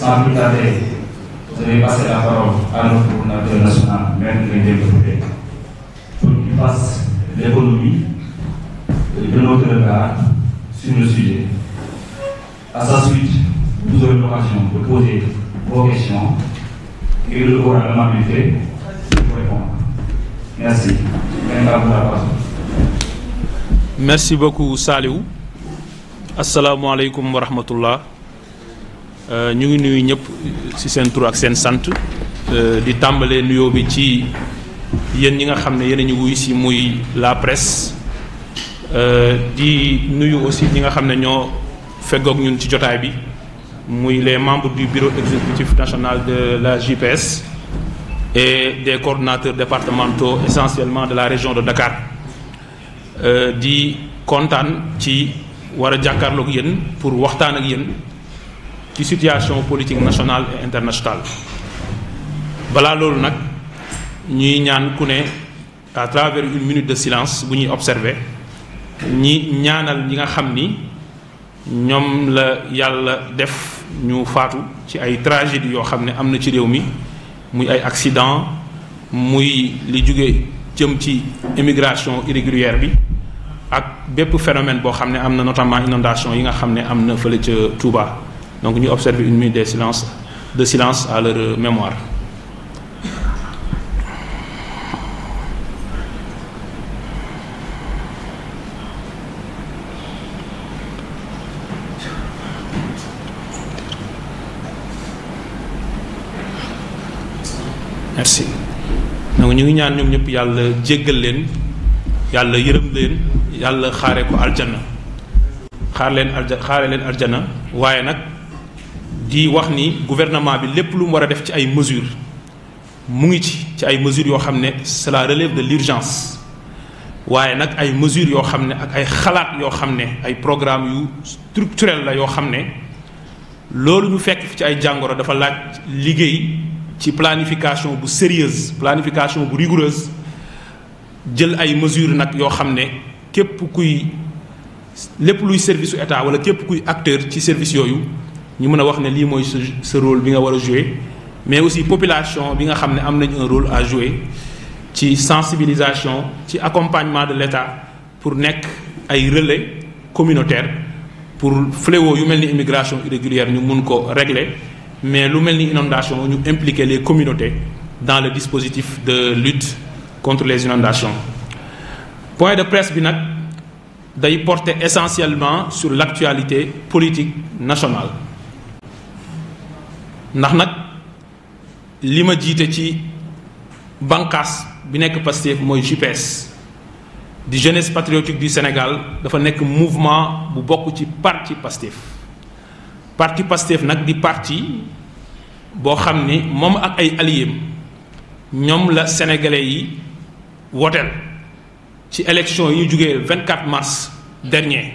sans plus tarder je vais passer la parole à notre coordinateur national Maître Ngagne Demba pour qu'il fasse l'économie de notre regard sur le sujet. À sa suite, vous aurez l'occasion de poser vos questions et le rôle à l'amabilité pour répondre. Merci. merci beaucoup Saliou asalaamaaleykum wa rahmatullah Euh, ñu ngi nuyu ñëpp ci seen tur ak seen sant euh, di tàmbalee nuyoo bi ci yéen ñi nga xam ne yéen a ñu wuyu ci muy la presse euh, di nuyu aussi ñi nga xam ne ñoo feggoog ñun ci jotaay bi muy les membres du bureau exécutif national de la JPS et des coordonnateurs départementaux essentiellement de la région de Dakar di kontaan ci war a jàkkaarloog yéen pour waxtaan ak yéen. ci situation politique nationale et internationale balaa loolu nag ñuy ñaan ku ne à travers une minute de silence bu ñuy observer ñi ñaanal ñi nga xam ni ñoom la yàlla def ñu faatu ci ay tragédie yoo xam ne am na ci réew mi muy ay accident muy li jóge jëm ci immigration irrégulière bi ak bépp phénomène boo xam ne am na notamment inondation yi nga xam ne am na fële ca Touba donc ñu observer une minute de silence de silence à ñu ngi ñaan ñoom ñëpp yàlla jéggal leen yàlla yërëm leen yàlla xaare ko aljana xaar leen alja xaare leen aljana waaye nag di wax ni gouvernement bi lépp lu war a def ci ay mesures mu ngi ci ci ay mesures yoo xam ne cela relève de l'urgence waaye nag ay mesures yoo xam ne ak ay xalaat yoo xam ne ay programme yu structurel la yoo xam ne loolu ñu fekk fi ci ay jàngoro dafa laaj liggéey ci planification bu sérieuse planification bu rigoureuse jël ay mesures nag yoo xam ne képp kuy lépp luy service u état wala képp kuy acteur ci service yooyu ñu mën a wax ne lii mooy sa sa bi nga war a jouer mais aussi population bi nga xam ne am nañu un rôle à jouer ci sensibilisation ci accompagnement de l'État pour nekk ay relais communautaire pour fléo yu mel ni immigration irrégulière ñu mun ko régler mais lu mel ni inondation ñu impliquer les communautés dans le dispositif de lutte contre les inondations point de presse bi nag day porter essentiellement sur l'actualité politique nationale ndax nag li ma jiite ci bànqaas bi nekk Pastef mooy JPS di jeunesse patriotique du Sénégal dafa nekk mouvement bu bokk ci parti Pastef parti Pastef nag di parti boo xam ni moom ak ay alliés ñoom la sénégalais yi woteel ci élection yi ñu jugee 24 mars dernier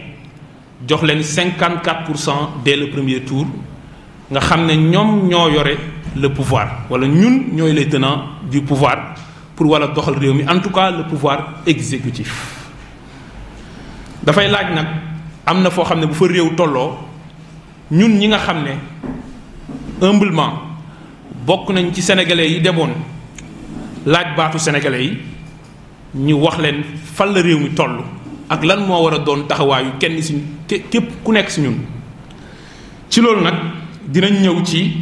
jox leen 54 pour cent dès le premier tour nga xam ne ñoom ñoo yore le pouvoir wala ñun ñooy les tenants du pouvoir pour wala doxal réew mi en tout cas le pouvoir exécutif dafay laaj nag am na foo xam ne bu fa réew tolloo ñun ñi nga xam ne humblement bokk nañ ci sénégalais yi demoon laaj baatu sénégalais yi ñu wax leen fan la réew mi toll ak lan moo war a doon taxawaayu kenn si képp ku nekk si ñun ci loolu nag dinañ ñëw ci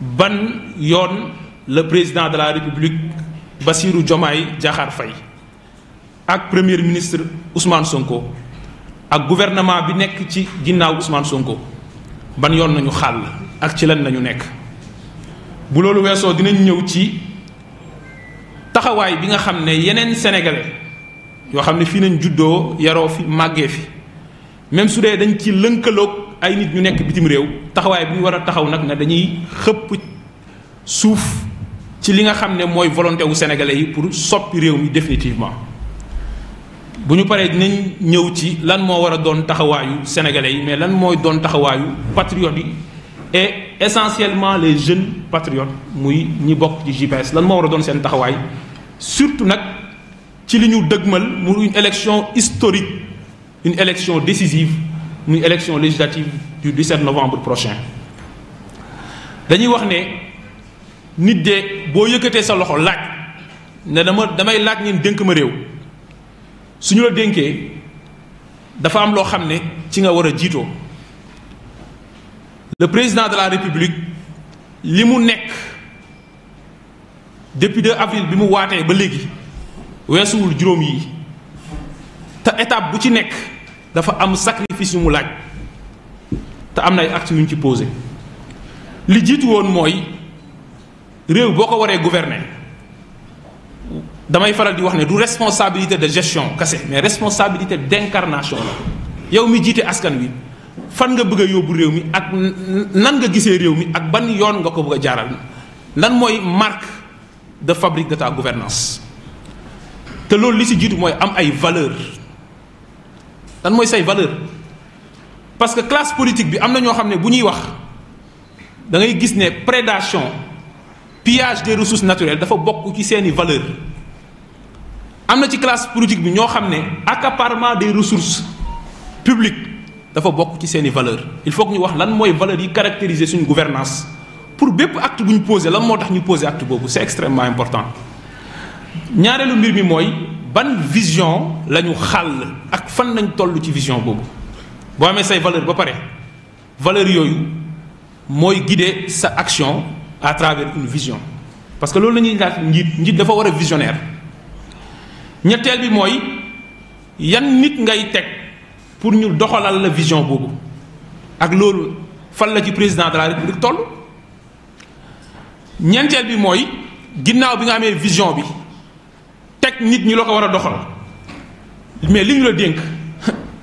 ban yoon le président de la république basiiru Diomaye Diakhar Faye ak premier ministre Ousmane Sonko ak gouvernement bi nekk ci ginnaaw Ousmane Sonko ban yoon nañu xàll ak ci lan nañu nekk bu loolu weesoo dinañ ñëw ci taxawaay bi nga xam ne yeneen sénégalais yoo xam ne fii nañ juddoo yaroo fi màggee fi même su dee dañ ci lënkaloog ay nit ñu nekk bitim réew taxawaay bi ñu war a taxaw nag na dañuy xëpp suuf ci li nga xam ne mooy volonté wu yi pour soppi réew mi définitivement bu ñu paree dinañ ñëw ci lan moo war a doon taxawaayu sénégalais yi mais lan mooy doon taxawaayu patriotes yi et essentiellement les jeunes patriotes muy ñi bokk ci GPS lan moo war a doon seen taxawaay surtout nag ci li ñu dëgmal mu une élection historique une élection décisive muy élection législative du 17 novembre prochain dañuy wax ne nit de boo yëkkatee sa loxo laaj ne dama damay laaj ngeen dénk ma réew suñu la dénkee dafa am loo xam ne ci nga war a jiitoo le président de la république li mu nekk depuis de avril bi mu waatee ba léegi weesuwul juróom yi te étape bu ci nekk dafa am sacrifice yu mu laaj te am na ay actes yu ñu ci posé li jiitu woon mooy réew boo ko waree gouverner damay faral di wax ne du responsabilité de gestion kese mais responsabilité d'incarnation la yow mi jiite askan wi fan nga bëgg yóbbu réew mi ak nan nga gisee réew mi ak ban yoon nga ko bëgg a jaaral lan mooy marque de fabrique de ta gouvernance te loolu li si jiitu mooy am ay valeur lan mooy say valeur parce que classe politique bi am na ñoo xam ne bu ñuy wax da ngay gis ne prédation pillage des ressources naturelles dafa bokk ci seeni valeur am na ci classe politique bi ñoo xam ne accaparement des ressource publiques dafa bokk ci seeni valeur il faut que ñu wax lan mooy valeur yi caractériser suñu gouvernance pour bépp acte bu ñu posé lan moo tax ñu posé acte boobu c'est extrêmement important ñaareelu mbir mi mooy ban vision la ñu xàll ak fan lañ toll ci vision boobu boo amee say valeur ba pare valeur yooyu mooy guider sa action à travers une vision parce que loolu la ñuy laaj njiit njiit dafa war a visionnaire ñetteel bi mooy yan nit ngay teg pour ñu doxalal la vision boobu ak loolu fan la ci président de la république toll ñeenteel bi mooy ginnaaw bi nga amee vision bi teg nit ñi la ko war a doxal mais li ñu la dénk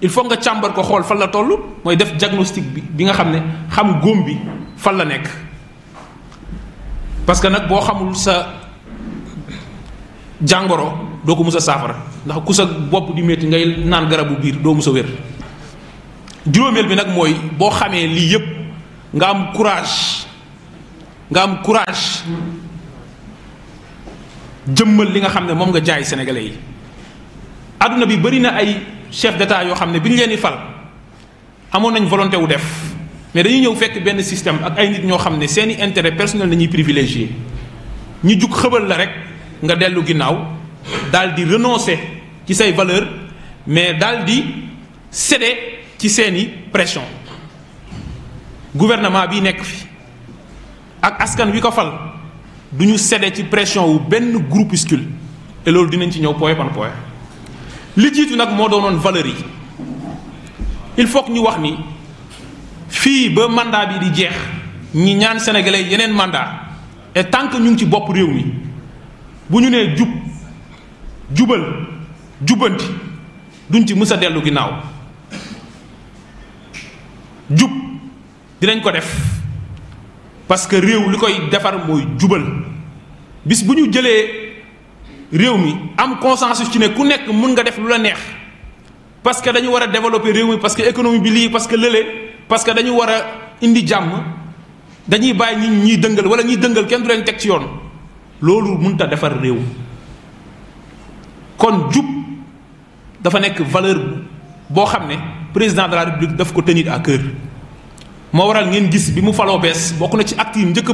il faut nga càmbar ko xool fan la toll mooy def diagnostic bi bi nga xam ne xam góom bi fan la nekk parce que nag boo xamul sa jàngoro doo ko mus a saafara ndax ku sa bopp di métti ngay naan garabu biir doo mus a wér juróomeel bi nag mooy boo xamee lii yépp nga am courage nga am courage jëmmal li nga xam ne moom nga jaay sénégalais yi àdduna bi bëri na ay chef d'état yoo xam ne bi ñu leen di fal amoon nañ volonté wu def mais dañuy ñëw fekk benn système ak ay nit ñoo xam ne seeni intérêt personnel la ñuy privilégié ñu jug xëbal la rek nga dellu ginnaaw daal di renoncer ci say valeur mais dal di céder ci seeni pression gouvernement bi nekk fi ak askan wi ko fal du ñu cédé ci pression wu benn groupuscule te loolu dinañ ci ñëw point par point li jiitu nag moo doon valeur yi il faut que ñu wax ni fii ba mandat bi di jeex ñi ñaan sénégalais yeneen mandat et tant que ñu ngi ci bopp réew mi bu ñu nee jub jubal jubbanti duñ ci mës a dellu ginnaaw jub dinañ ko def parce que réew li koy defar mooy jubal. bis bu ñu jëlee réew mi am consensus ci ne ku nekk mun nga def lu la neex parce que dañu war a développer réew mi parce que économie bi lii parce que lële parce que dañu war a indi jàmm dañuy bàyyi ñi ñuy dëngal wala ñuy dëngal kenn du leen teg ci yoon loolu mënta defar réew kon jub dafa nekk valeur boo xam ne président de la république daf ko tenir ak cœur moo waral ngeen gis bi mu faloo bees bokk na ci acte yi njëkk a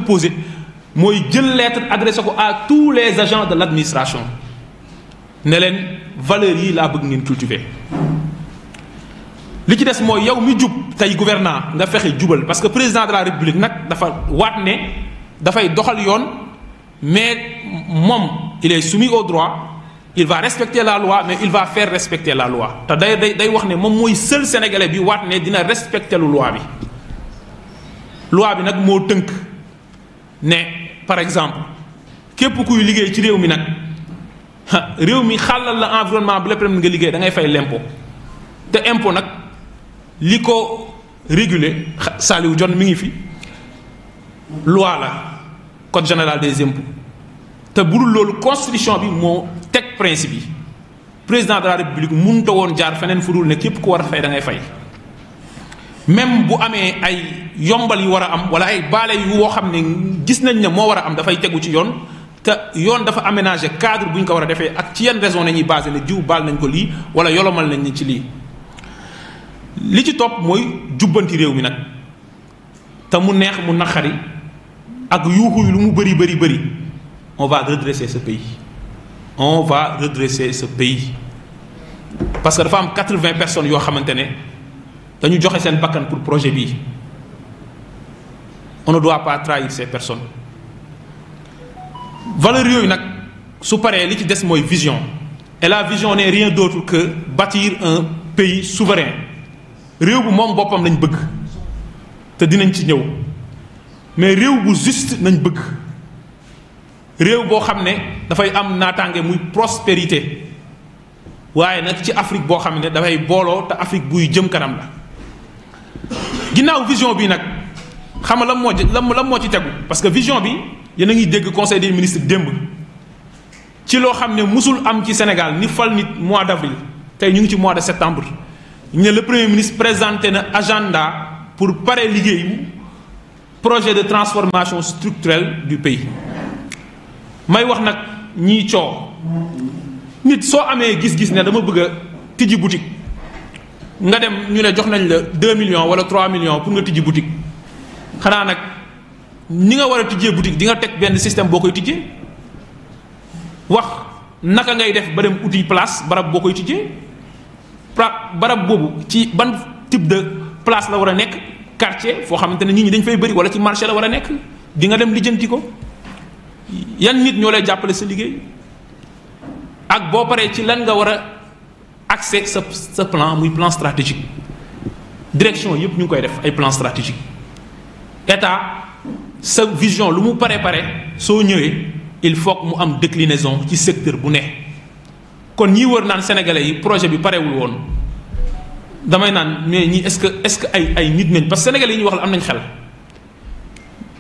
mooy jël lettre adressé ko à tous les agents de l'administration ne leen valeurs yi laa bëgg ngeen cultiver li ci des mooy yow mi jub tey gouvernant nga fexe jubal parce que président de la république nag dafa waat ne dafay doxal yoon mais moom il est soumis au droit il va respecter la loi mais il va faire respecter la loi te day day day wax ne moom mooy seul sénégalais bi waat ne dina respecter lu loi bi loi bi nag moo tënk ne par exemple képp kuy liggéey ci réew mi nag réew mi xàllal la environnement bu lépp nga liggéey dangay fay l'impôt te impôt nag li ko réguler Saliou Dione mi ngi fi loi la code général des impôts te bu dul loolu constitution bi moo teg principe yi président de la république mënut a woon jaar feneen fu dul ne képp ku war a fay dangay fay. même bu amee ay yombal yu war a am wala ay baale yu woo xam ne gis nañ ne moo war a am dafay tegu ci yoon te yoon dafa aménagé cadre bu ñu ko war a defee ak ci yenn raison nañuy basé ne jiw baal nañ ko lii wala yolomal nañ ni ci lii li ci topp mooy jubbanti réew mi nag te mu neex mu naqari ak yuuxu yu lu mu bëri bëri bëri on va redresser ce pays on va redresser ce pays parce que dafa am quatre vingt personnes yoo xamante ne dañu joxe seen bakkan pour projet bii ono ne doit pas trahir ces personnes valeurs yooyu nag su paree li ci des mooy vision et la vision n'est rien d'autre que bâtir un pays souverain réew bu moom boppam lañ bëgg te dinañ ci ñëw mais réew bu juste nañ bëgg réew boo xam ne dafay am naataange muy prospérité waaye nag ci Afrique boo xam ne dafay booloo te Afrique buy jëm kanam la ginnaaw vision bi nag xam nga lan moo lan lan moo ci tegu parce que vision bi yéen a ngi dégg conseil des ministres démb ci loo xam ne mosul am ci Sénégal ni fal nit mois d'avril tey ñu ngi ci mois de septembre ñu ne le premier ministre présenté na agenda pour pare liggéeyu projet de transformation structurelle du pays may wax nag ñiy coow nit soo amee gis-gis ne dama bëgg a tijji boutique. nga dem ñu ne jox nañ la deux millions wala trois millions pour nga tijji boutique xanaa nag ni nga war a tijjee boutique di nga teg benn système boo koy tijjee wax naka ngay def ba dem uti place barab boo koy tijjee barab boobu ci ban type de place la war a nekk quartier foo xamante ne ñi ñi dañ fay bëri wala ci marché la war a nekk di nga dem lijjanti ko yan nit ñoo lay jàppale sa liggéey ak boo paree ci lan nga war a. accès sa sa plan muy plan stratégique direction yëpp ñu ngi koy def ay plan stratégique état sa vision lu mu pare pare soo ñëwee il faut que mu am déclinaison ci secteur bu ne kon ñi wër naan sénégalais yi projet bi parewul woon damay naan mais ñi est-ce que est-ce que ay ay nit nañ parce que sénégalais yi ñu wax la am nañ xel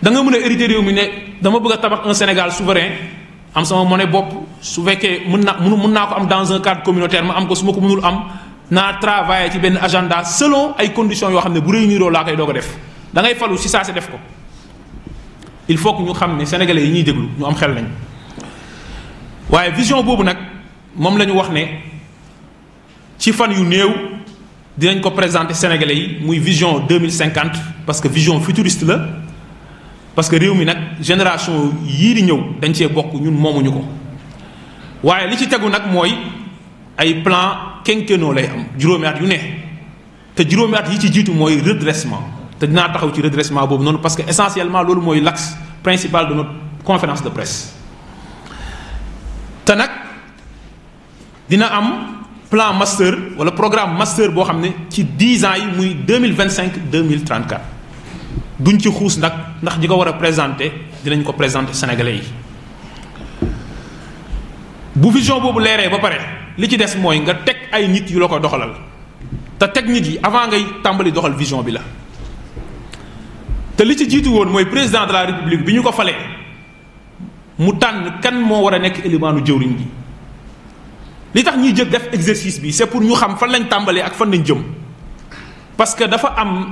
da nga mën a hériter réew mi ne dama bëgg a tabax un Sénégal souverain am sama monnaie bopp su fekkee mën na mun naa ko am dans un cadre communautaire ma am ko su ma ko mënul am naa travailler ci benn agenda selon ay conditions yoo xam ne bu réuniroo laa koy doog a def da ngay falu si saa si def ko il faut que ñu xam ne sénégalais yi ñuy déglu ñu am xel nañ waaye vision boobu nag moom la ñu wax ne ci fan yu néew dinañ ko présenter sénégalais yi muy vision 2050 parce que vision futuriste la parce que réew mi nag génération yii di ñëw dañ cee bokk ñun moomuñu ko waaye li ci tegu nag mooy ay plan quinquennaux lay am juróomi at yu ne te juróomi at yi ci jiitu mooy redressement te dinaa taxaw ci redressement boobu noonu parce que essentiellement loolu mooy l'axe principal de notre conférence de presse te nag dina am plan master wala programme master boo xam ne ci 10 ans yi muy 2025 2034 duñ ci xuus nag ndax ñi ko war a présenter dinañ ko présenter sénégalais yi bu vision boobu leeree ba pare li ci des mooy nga teg ay nit yu la ko doxalal te teg nit yi avant ngay tàmbali doxal vision bi la te li ci jiitu woon mooy président de la république bi ñu ko fale mu tànn kan moo war a nekk élimaanu jëwriñ gi li tax ñuy jël def exercice bi c'est pour ñu xam fan lañ tàmbalee ak fan lañ jëm parce que dafa am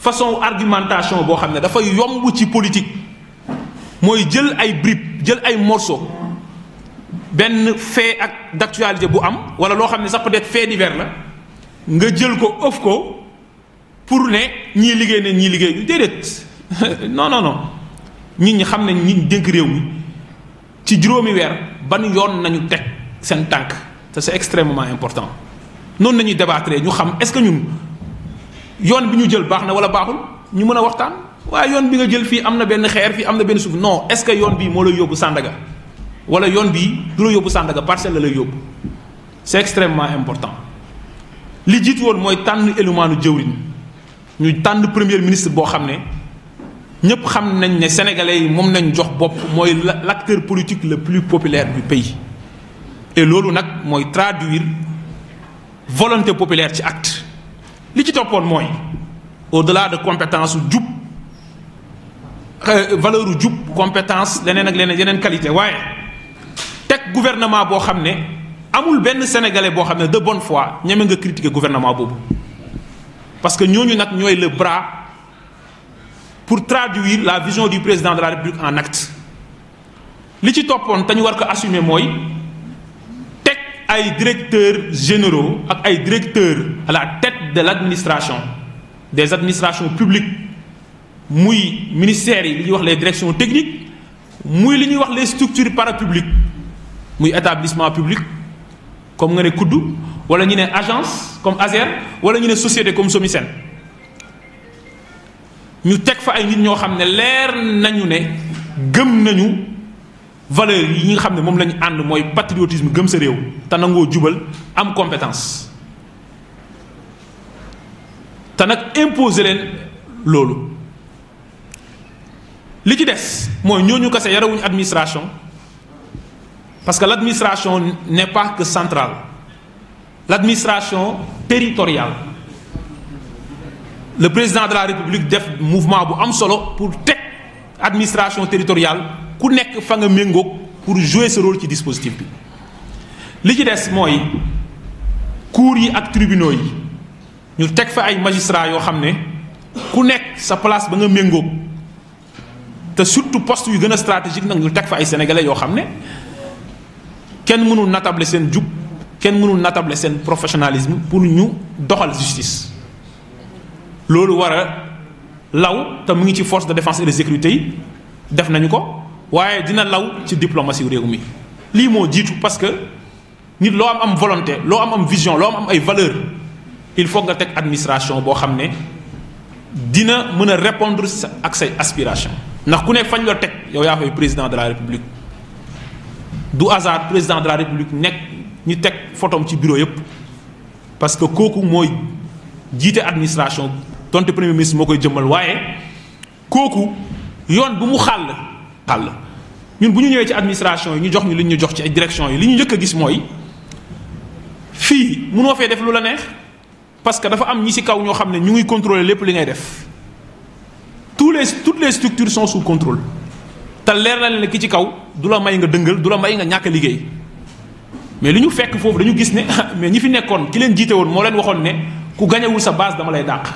façon argumentation boo xam ne dafa yomb ci politique mooy jël ay bribes jël ay morceaux benn fait ak d'actualité bu am wala loo xam ne sax peut-être fait divers la nga jël ko ëf ko pour ne ñii liggéey ne ñii liggéey ñu déedéet non non non nit ñi xam ne ñi dénk réew mi ci juróomi weer ban yoon nañu teg seen tànk te c'est extrêmement important noonu nañuy débattre ñu xam est-ce que ñun yoon bi ñu jël baax na wala baaxul ñu mën a waxtaan waaye yoon bi nga jël fii am na benn xeer fii am na benn suuf non est-ce que yoon bii moo lay yóbbu Sandaga wala yoon bii du la yóbbu Sandaga parcelle la lay yóbbu c'est extrêmement important li jiitu woon mooy tànn élumaanu jëwriñ ñu tànn premier ministre boo xam ne ñëpp xam nañ ne sénégalais yi moom nañ jox bopp mooy l'acteur politique le plus populaire du pays et loolu nag mooy traduire volonté populaire ci acte li ci toppoon mooy au-delà de compétence jub euh, valeur u jub compétence leneen ak leneen yeneen qualité waaye teg gouvernement boo xam ne amul benn sénégalais boo xam ne de bonne foi ñeme nga critiquer gouvernement boobu parce que ñooñu nag ñooy le bras pour traduire la vision du président de la république en acte li ci toppoon te ñu war ko assumer mooy teg ay directeurs généraux ak ay directeurs à la tête de l'administration des administrations publiques muy ministères yi li ñuy wax les directions techniques muy li ñuy wax les structures parapubliques muy établissement public comme nga ne kudd wala ñu ne agence comme ASER wala ñu ne société comme SOMISEN ñu teg fa ay nit ñoo xam ne leer nañu ne gëm nañu valeur yi nga xam ne moom la ànd mooy patriotisme gëm sa réew te nangoo jubal am compétence te nag imposer leen loolu li ci des mooy ñooñu kase yarawuñu administration Parce que l'administration n'est pas que centrale. L'administration territoriale. Le président de la République def mouvement bu am solo pour teg administration territoriale ku nekk fa nga méngook pour jouer ce rôle ci dispositif bi li ci des mooy cours yi ak tribunaux yi ñu teg fa ay magistrats yoo xam ne ku nekk sa place ba nga méngook te surtout post yu gën a stratégique nag ñu teg fa ay sénégalais yoo xam ne kenn mënul natable seen jub kenn mënul natable seen professionnalisme pour ñu doxal justice loolu war a law te mu ngi ci force de défense et de sécurité yi def nañu ko waaye dina law ci diplomatie réew mi lii moo jiitu parce que nit loo am am volonté loo am am vision loo am am ay valeur il faut nga teg administration boo xam ne dina mën a répondre ak say aspiration ndax ku ne fañ la teg yow yaa fay président de la république du hasard président de la république nekk ñu teg photom ci bureau yëpp parce que kooku mooy jiite administration donte premier ministre moo koy jëmmal waaye kooku yoon bi mu xàll xàll ñun bu ñu ñëwee ci administration yi ñu jox ñu li ñu jox ci ay direction yi li ñu njëkk a gis mooy fii mënoo fee def lu la neex parce que dafa am ñi ci kaw ñoo xam ne ñu ngi contrôler lépp li ngay def tous les toutes les structures sont sous contrôle te leer na leen ki ci kaw du la may nga dëngal du la may nga ñàkk liggéey mais li ñu fekk foofu dañu gis ne mais ñi fi nekkoon ki leen jiite woon moo leen waxoon ne ku gañewul sa base dama lay dàq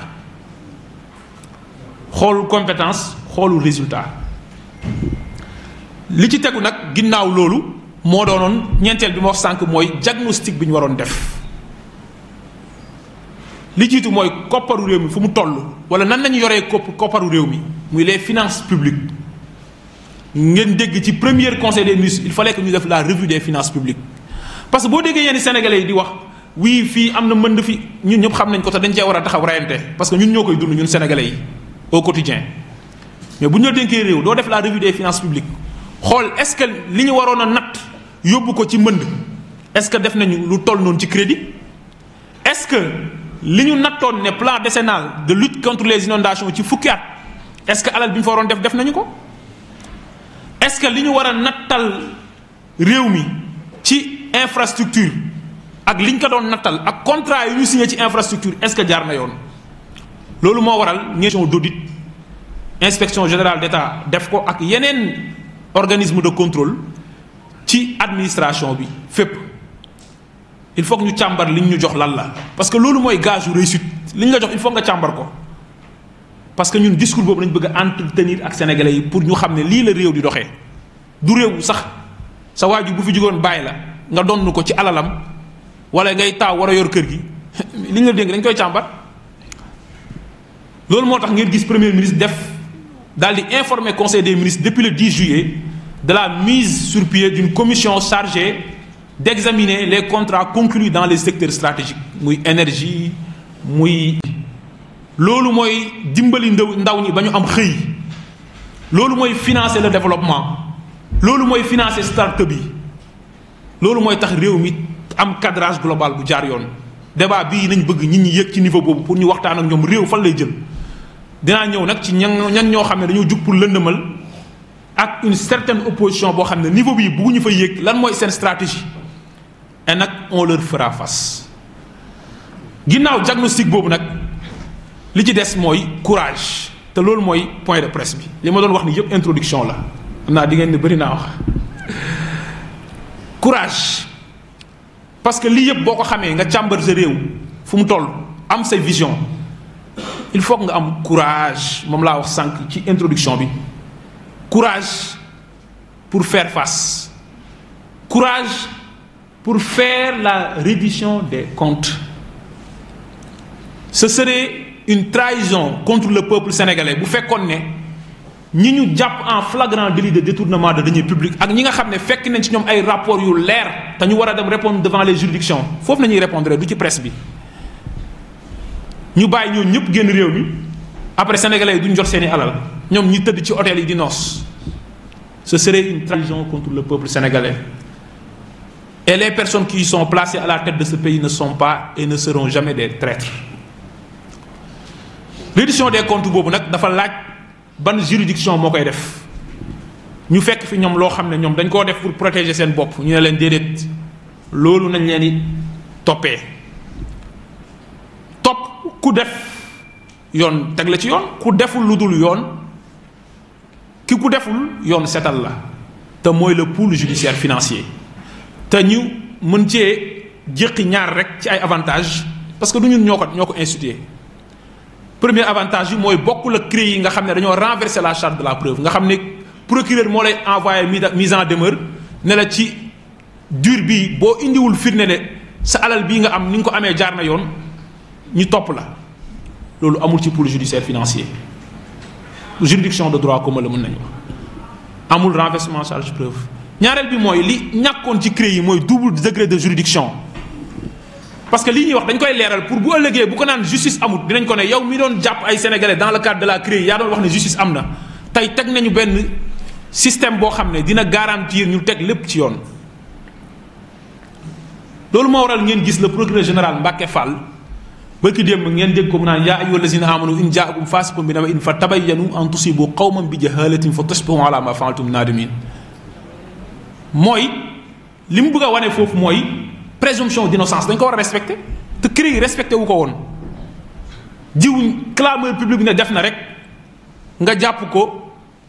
xoolu compétence xoolu résultat li ci tegu nag ginnaaw loolu moo doonoon ñeenteel bi ma wax sànq mooy diagnostic bi ñu waroon def li jiitu mooy kopparu réew mi fu mu toll wala nan lañu yore kopp kopparu réew mi muy les finances publiques ngeen dégg ci première conseil des ministres il fallait que ñu def la revue des finances publiques parce que boo déggee yenn sénégalais yi di wax wii fii am na mënd fi ñun ñëpp xam nañ ko te dañ cee war a taxaw rayante parce que ñun ñoo koy dund ñun sénégalais yi au quotidien mais bu ñu la dénkee réew doo def la revue des finances publiques xool est-ce que li ñu waroon a natt yóbbu ko ci mbënd est-ce que def nañu lu toll noonu ci crédit est-ce que li ñu nattoon ne plan décennal de lutte contre les inondations ci fukki at est-ce que alal bi ñu def def nañu ko. est-ce que li ñu war a nattal réew mi ci infrastructure ak li ñu ko doon nattal ak contrat yu ñu signé ci infrastructure est-ce que jaar na yoon loolu moo waral question d'audit inspection générale d'État def ko ak yeneen organisme de contrôle ci administration bi fépp il faut ñu càmbar li ñu jox lan la parce que loolu mooy gage u réussite li ñu nga jox il faut nga càmbar ko parce que ñun discours boobu lañ bëgg a entretenir ak sénégalais yi pour ñu xam ne lii la réew di doxe du réew bu sax sa waajur bu fi jugoon bàyyi la nga donn ko ci alalam wala ngay taaw war a yor kër gi li ñu la dénk dañ koy càmbar loolu moo tax ngeen gis premier ministre def daal di informer conseil des ministres depuis le 10 juillet de la mise sur pied d'une commission chargée d'examiner les contrat conclus dans les secteurs stratégiques muy énergie muy loolu mooy dimbali ndaw ndaw ñi ba ñu am xëy loolu mooy financer la développement loolu mooy financer start-up yi loolu mooy tax réew mi am cadrage global bu jaar yoon débat bii nañ bëgg nit ñi yëg ci niveau boobu pour ñu waxtaan ak ñoom réew fan lay jëm dinaa ñëw nag ci ñan ñan ñoo xam ne dañoo jug pour lëndëmal ak une certaine opposition boo xam ne niveau bi bu ñu fa yëg lan mooy seen stratégie et nag on leur fera face ginnaaw diagnostic boobu nag. li ci des mooy courage te loolu mooy point de presse bi li ma doon wax ni yëpp introduction la am naa di ngeen ne bëri naa wax courage parce que lii yëpp boo ko xamee nga càmbar sa réew fu mu toll am say vision il faut nga am courage moom laa wax sànq ci introduction bi courage pour faire face courage pour faire la reddition des comptes ce une trahison contre le peuple sénégalais bu fekkoon ne ñi ñu jàpp en flagrant délit de détournement de deniers publics ak ñi nga xam ne fekk nañ ci ñoom ay rapport yu leer te war a dem répondre devant les juridictions foofu la ñuy répondre du ci presse bi ñu bàyyi ñooñu ñëpp génn réew mi après sénégalais yi duñ jot seeni alal ñoom ñi tëdd ci hôtel yi di noos ce serait une trahison contre le peuple sénégalais et les personnes qui sont placées à la tête de ce pays ne sont pas reddition des comptes boobu nag dafa laaj ban juridiction moo koy def ñu fekk fi ñoom loo xam ne ñoom dañ koo def pour protéger seen bopp ñu ne leen déedéet loolu nañ leen di toppee topp ku def yoon teg la ci yoon ku deful lu dul yoon ki ku deful yoon setal la te mooy le pool judiciaire financier te ñu mën cee jéqi ñaar rek ci ay avantages parce que du ñun ñoo ko ñoo ko institué premier avantage bi mooy bokkul ak CREI yi nga xam ne dañoo renverser la charge de la preuve nga xam ne procureur moo lay envoyé mise en demeure ne la ci dur bi boo indiwul firnde ne sa alal bii nga am ni nga ko amee jaar na yoon ñu topp la loolu amul ci pôle judiciaire financier juridiction de droit commun la mën nañu amul renversement charge preuve ñaareel bi mooy li ñàkkoon ci CREI yi mooy double degré de juridiction parce que li ñuy wax dañ koy leeral pour bu ëllëgee bu ko naan justice amut dinañ ko ne yow mi doon jàpp ay sénégalais dans le cadre de la CREI yaa doon wax ne justice am na tey teg nañu benn système boo xam ne dina garantir ñu teg lépp ci yoon. loolu moo waral ngeen gis le procureur général Mbacke Fall barki démb ngeen dégg ko mu naan yaa ayyuha allazina amanu in jaakum fasiqun bi naba'in fa tabayyanu an tusibu qawman bi jahalatin fa tusbihu ala ma fa'altum nadimin mooy li a wane foofu mooy. présomption d'innocence dañ ko war a respecté te CREI respecté wu ko woon jiw clameur publique ne def na rek nga jàpp ko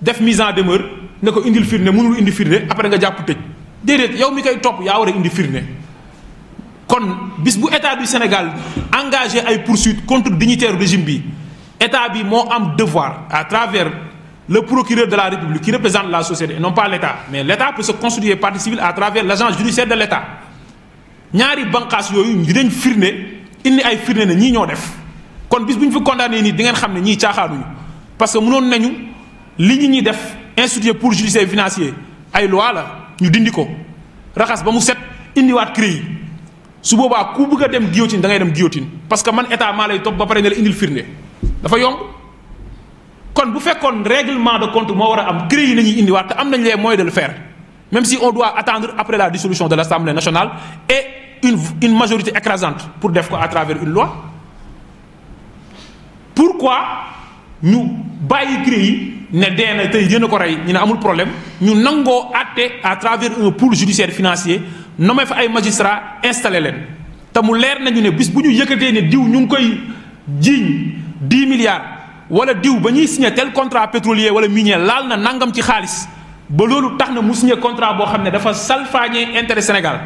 def mise en demeure ne ko indil firnde mënul indi firnde après nga jàpp tëj déedéet yow mi koy topp yaa war a indi firnde kon bis bu état du Sénégal engagé ay poursuites contre dignitaire régime bi état bi moo am devoir à travers le procureur de la République qui représente la société non pas l' état mais l' état peut l' agence judiciaire de ñaari banqaas yooyu dinañ firnde indi ay firnde na ñii ñoo def kon bis bu ñu fi condamné nii di ngeen xam ne ñii caaxaanuñu parce que mënoon nañu li ñi ñuy def institué pour judiciaire financier ay loi la ñu dindi ko raxas ba mu set indiwaat cré yi su boobaa ku bëgg a dem guillotine da ngay dem guillotine parce que man état maa lay topp ba pare ne la indil firnde dafa yomb kon bu fekkoon règlement de compte moo war a am cré yi nañuy indiwaat te am nañ les moyens de le faire même si on doit attendre après la dissolution de l'Assemblée nationale et une une majorité écrasante pour def ko à travers une loi pourquoi ñu bàyyi CREI ne dee na tey yéen ko rey ñu ne amul problème ñu nangoo àtte à travers un pool judiciaire financier nommé fa ay magistrats installé leen te mu leer nañu ne bis bu ñu yëkkatee ne diw ñu ngi koy jiiñ 10 milliards wala diw ba ñuy signé tel contrat pétrolier wala minier laal na nangam ci xaalis ba loolu tax na mu signé contrat boo xam ne dafa salfaañee intérêt Sénégal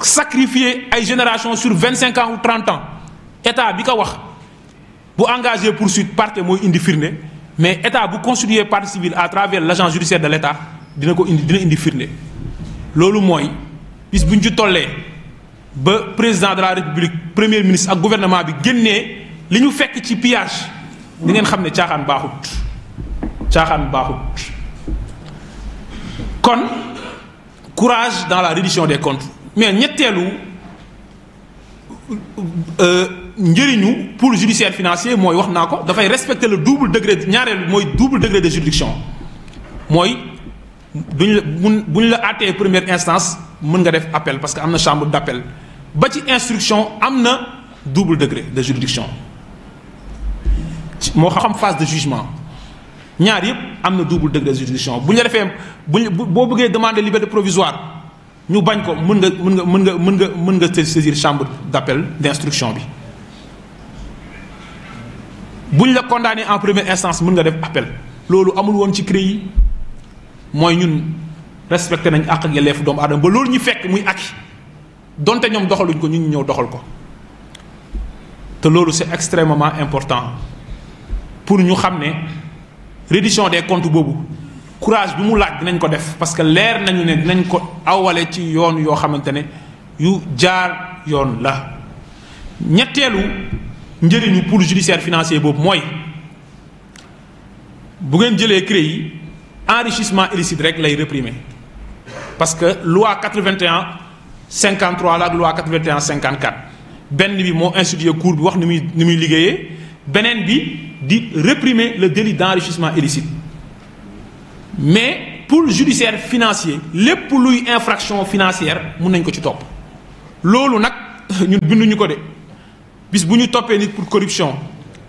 sacrifier ay génération sur vingt cinq ans ou trente ans état bi ko wax bu engagé poursuite partie mooy indi firnde mais état bu constitué partie civile à travers l' agent judiciaire de l' état dina ko indi dina indi firnde loolu mooy bis bu ñu ci tollee ba président de la république premier ministre ak gouvernement bi génnee li ñu fekk ci pillage di ngeen xam ne caaxaan baaxut caaxaan baaxut kon courage dans la reddition des comptes mais ñetteelu euh, njëriñu pôle judiciaire financier mooy wax naa ko dafay respecter le double degré ñaareel mooy double degré de juridiction mooy duñ la buñ la àttee première instance mën nga def appel parce que am na chambre d'appel ba ci instruction am na double degré de juridiction moo xam phase de jugement ñaar yëpp am na double degré de juridiction bu ñu la defee bu boo bëggee demander liberté provisoire ñu bañ ko mën nga mën nga mën nga mën nga mën nga saisir chambre d'appel d'instruction bi. bu ñu la condamné en première instance mën nga def appel loolu amul woon ci CREI mooy ñun respecté nañ àq ak yelleefu doomu aadama ba loolu ñu fekk muy acquis donte ñoom doxaluñ ko ñun ñu ñëw doxal ko te loolu c'est extrêmement important pour ñu xam ne. reddition des comptes boobu courage bi mu laaj dinañ ko def parce que leer nañu ne dinañ ko awale ci yoon yoo xamante ne yu jaar yoon la ñetteelu njëriñu pour judiciaire financier boobu mooy bu ngeen jëlee CREI yi enrichissement illicite rek lay réprimer parce que loi 81 53 la ak loi 81 54 benn bi moo institué cour bi wax ni muy ni muy liggéeyee beneen bi di réprimer le délit d'enrichissement illicite mais pour judiciaire financier lépp luy infraction financière mun nañ ko ci topp loolu nag binduñu ko de bis bu ñu toppee nit pour corruption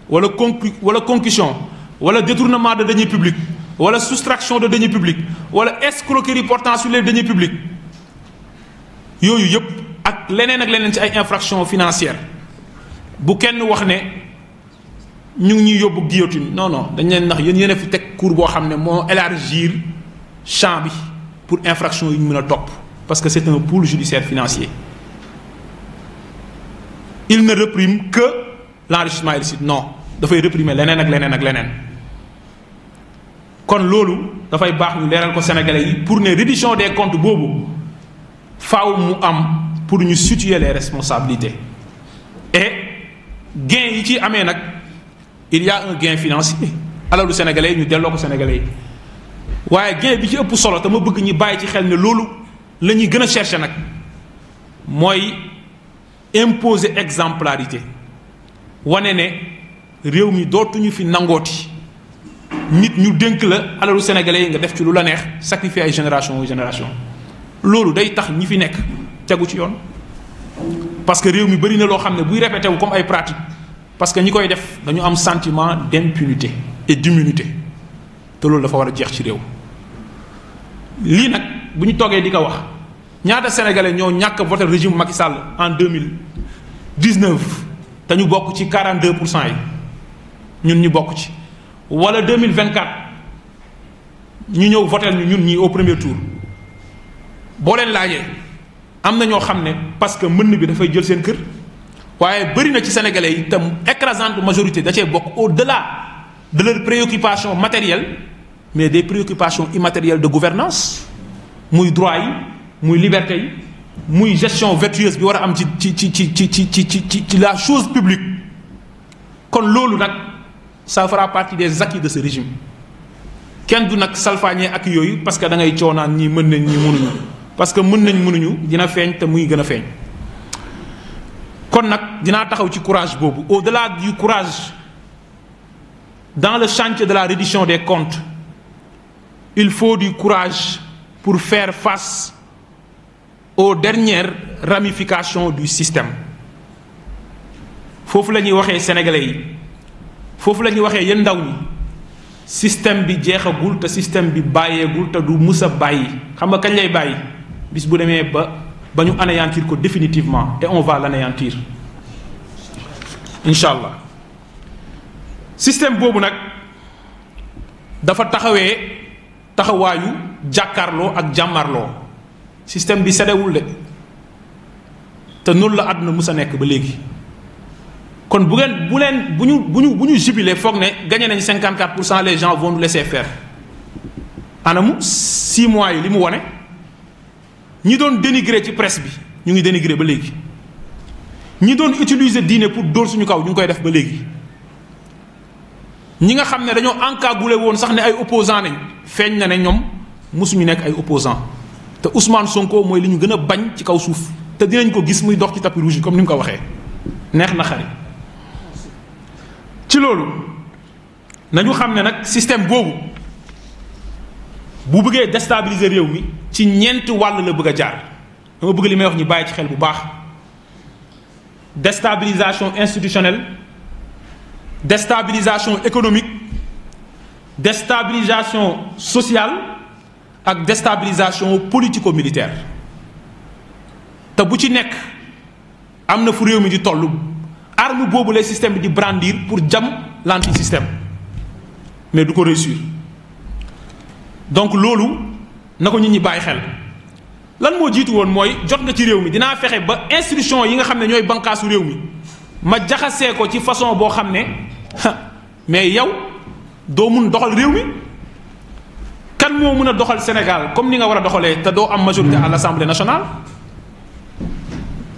wala concu wala concussion wala détournement de deniers publics wala soustraction de deniers publics wala escroquerie portant sur les deniers publics yooyu yëpp ak leneen ak leneen ci ay infraction financière bu kenn wax ne ñu ngi ñuy yóbbu guillotine non dañu dañ leen ndax yéen yéen a fi teg cour boo xam ne moo élargir champ bi pour infraction yi ñu mun a topp parce que c'est un pool judiciaire financier il ne réprime que l'enrichissement illicite non dafay réprimer leneen ak leneen ak leneen kon loolu dafay baax ñu leeral ko sénégalais yi pour ne reddition des comptes boobu faaw mu am pour ñu situer les responsabilités et gain yi ci amee nag il y un gain financier alalu sénégalais yi ñu delloo ko sénégalais yi waaye gain bi ci ëpp solo te ma bëgg ñu bàyyi ci xel ne loolu lañuy ñuy gën a nag mooy imposer exemplarité wane ne réew mi dootuñu fi nangooti nit ñu dénk la alalu sénégalais yi nga def ci lu la neex sacrifier ay génération ou génération loolu day tax ñi fi nekk tegu ci yoon parce que réew mi bari na loo xam ne buy répété wu comme ay pratique parce que ñi koy def dañu am santiment d'impunité te d'immunité te loolu dafa war a jeex ci réew lii nag bu ñu toogee di ko wax ñaata sénégalais ñoo ñàkk votel voté régime Macky Sall en deux mille dix-neuf te ñu bokk ci 42 pour cent yi ñun ñu bokk ci wala 2024 ñu ñëw votel ñu ñun ñii o premier tour boo leen laajee am na ñoo xam ne parce que mën bi dafay jël seen kër. waaye bëri na ci sénégalais yi tam écrasante majorité da cee bokk au delà de leurs préoccupations matérielles mais des préoccupations immatérielles de gouvernance muy droit yi muy liberté yi muy gestion vertueuse bi war a am ci ci ci ci ci ci ci ci la chose publique kon loolu nag ça fera partie des acquis de ce régime kenn du nag salfaañee ak yooyu parce que dangay coonaan ñii mën nañ ñi mënuñu parce que mën nañ mënuñu dina feeñ te muy gën a feeñ kon nag dinaa taxaw ci courage boobu au la du courage dans le chantier de la reddition des comptes il faut du courage pour faire face aux dernières ramifications du système foofu la ñuy waxee sénégalais yi foofu la ñuy waxee yéen ndaw ñi système bi jeexagul te système bi bàyyeegul te du mus a bàyyi xam nga kañ lay bàyyi bis bu demee ba. ba ñu anéantir ko définitivement et on va l'anéantir incha allah système boobu nag dafa taxawee taxawaayu jàkkaarloo ak jàmmarloo système bi sedewul de te noonu la àdduna musa nekk ba léegi kon bu ngeen bu leen bu ñu bu ñu bu ñu jubilee foog ne gagné nañ 54 pour cent les gens vont le laisser faire anamu 6 mois yi li mu wone ñi doon dénigrer ci presse bi ñu ngi dénigrer ba léegi ñi doon utiliser diine pour dóor suñu kaw ñu ngi koy def ba léegi ñi nga xam ne dañoo encagoulé woon sax ne ay opposant nañ feeñ na ne ñoom mosuñu nekk ay opposant te Ousmane Sonko mooy li ñu gën a bañ ci kaw suuf te dinañ ko gis muy dox ci tapis rouge comme ni mu ko waxee neex na xari ci loolu nañu xam ne nag système boobu bu bëggee déstabiliser réew mi ci ñeenti wàll la bëgg a jaar dama bëgg li may wax ñu bàyyi ci xel bu baax destabilisation institutionnelle destabilisation économique destabilisation sociale ak déstabilisation politico-militaire te bu ci nekk am na fu réew mi di toll arme boobu lay système bi di brandir pour jam l'anti-système mais du ko réussir donc loolu na ko nit ñi bàyyi xel lan moo jiitu woon mooy jot nga ci réew mi dinaa fexe ba institution yi nga xam ne ñooy bànqaasu réew mi ma jaxasee ko ci façon boo xam ne mais yow doo mun doxal réew mi kan moo mun a doxal Sénégal comme ni nga war a doxalee te doo am majorité à l'Assemblée nationale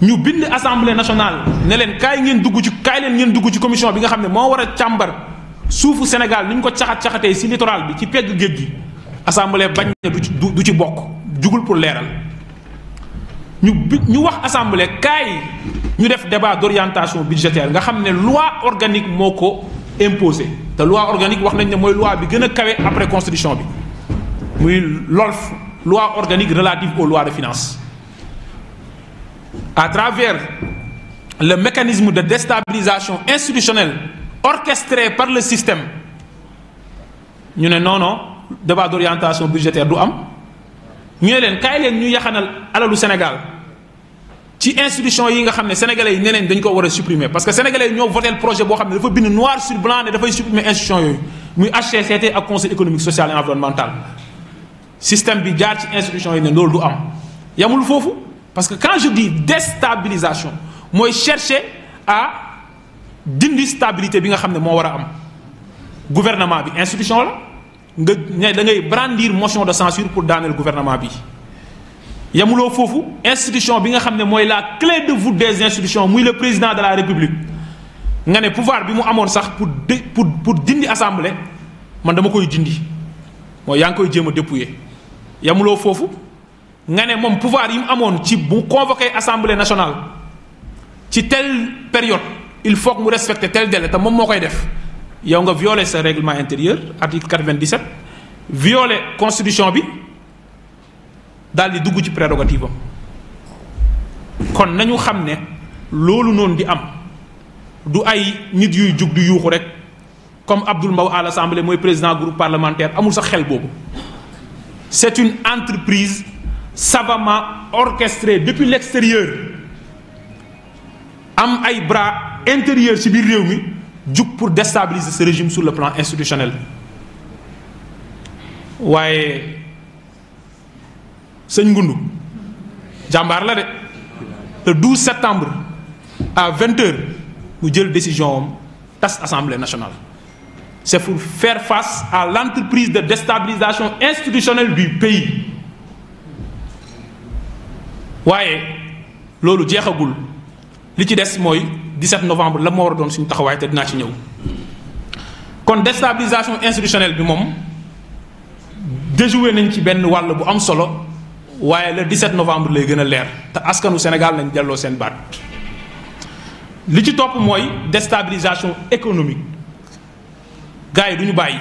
ñu bind assemblée nationale ne leen kaay ngeen dugg ci kaay leen ngeen dugg ci commission bi nga xam ne moo war a càmbar suufu Sénégal ni ñu ko caxat caxatee si littoral bi ci pegg géej gi. assemblée bañ na du ci du ci bokk jugul pour leeral ñu bi ñu wax assemblée kaay ñu def débat d'orientation budgétaire nga xam ne loi organique moo ko imposé te loi organique wax nañ ne mooy loi bi gën a kawe après constitution bi muy LOLF loi organique relative aux lois de finances à travers le mécanisme de déstabilisation institutionnelle orchestré par le système ñu ne non débat d'orientation budgétaire du am ñu leen kaay leen ñu yaxanal alalu Sénégal ci institution yi nga xam ne sénégalais yi neneen dañ ko war a supprimer parce que sénégalais yi ñoo voté projet boo xam ne dafa bind noir sur blanc ne dafay supprimer institution yooyu muy HCCT ak conseil économique social et environnemental système bi jaar ci institution yi ne loolu du am yamul foofu parce que quand je dis déstabilisation mooy chercher à dindi stabilité bi nga xam ne moo war a am gouvernement bi institution la nga ne da ngay brandir motion de censure pour daaneel gouvernement bi yamuloo foofu institution bi nga xam ne mooy la clé de voûte des institutions muy le président de la république nga ne pouvoir bi mu amoon sax pour dé pour pour dindi assemblée man dama koy dindi mooy yaa ngi koy jéem a dépouiller yamuloo foofu nga ne moom pouvoir yi mu amoon ci bu convoqué assemblée nationale ci tel période il faut mu respecter tel délai te moom moo koy def yow nga violé sa règlement intérieur article 97 violé constitution bi daal di dugg ci prérogative am kon nañu xam ne loolu noonu di am du ay nit yuy jug di yuuxu rek comme Abdoul Mbow à l'Assemblée mooy président groupe parlementaire amul sax xel boobu c'est une entreprise savamment orchestrée depuis l'extérieur am ay bras intérieur ci biir réew mi jug pour déstabiliser ce régime sur le plan institutionnel waaye sëñ Ngundu jàmbaar la de le septembre à 20 heures mu jël décision am tas assemblée nationale. c'est pour faire face à l'entreprise de déstabilisation institutionnelle du pays waaye loolu jeexagul li ci des mooy. 17 novembre la moo war doon suñu taxawaay te dinaa ci ñëw kon déstabilisation institutionnelle bi moom déjoué nañ ci benn wàll bu am solo waaye le 17 novembre lay gën a leer te askanu Sénégal lañ jalloo seen baat li ci topp mooy déstabilisation économique gars yi du ñu bàyyi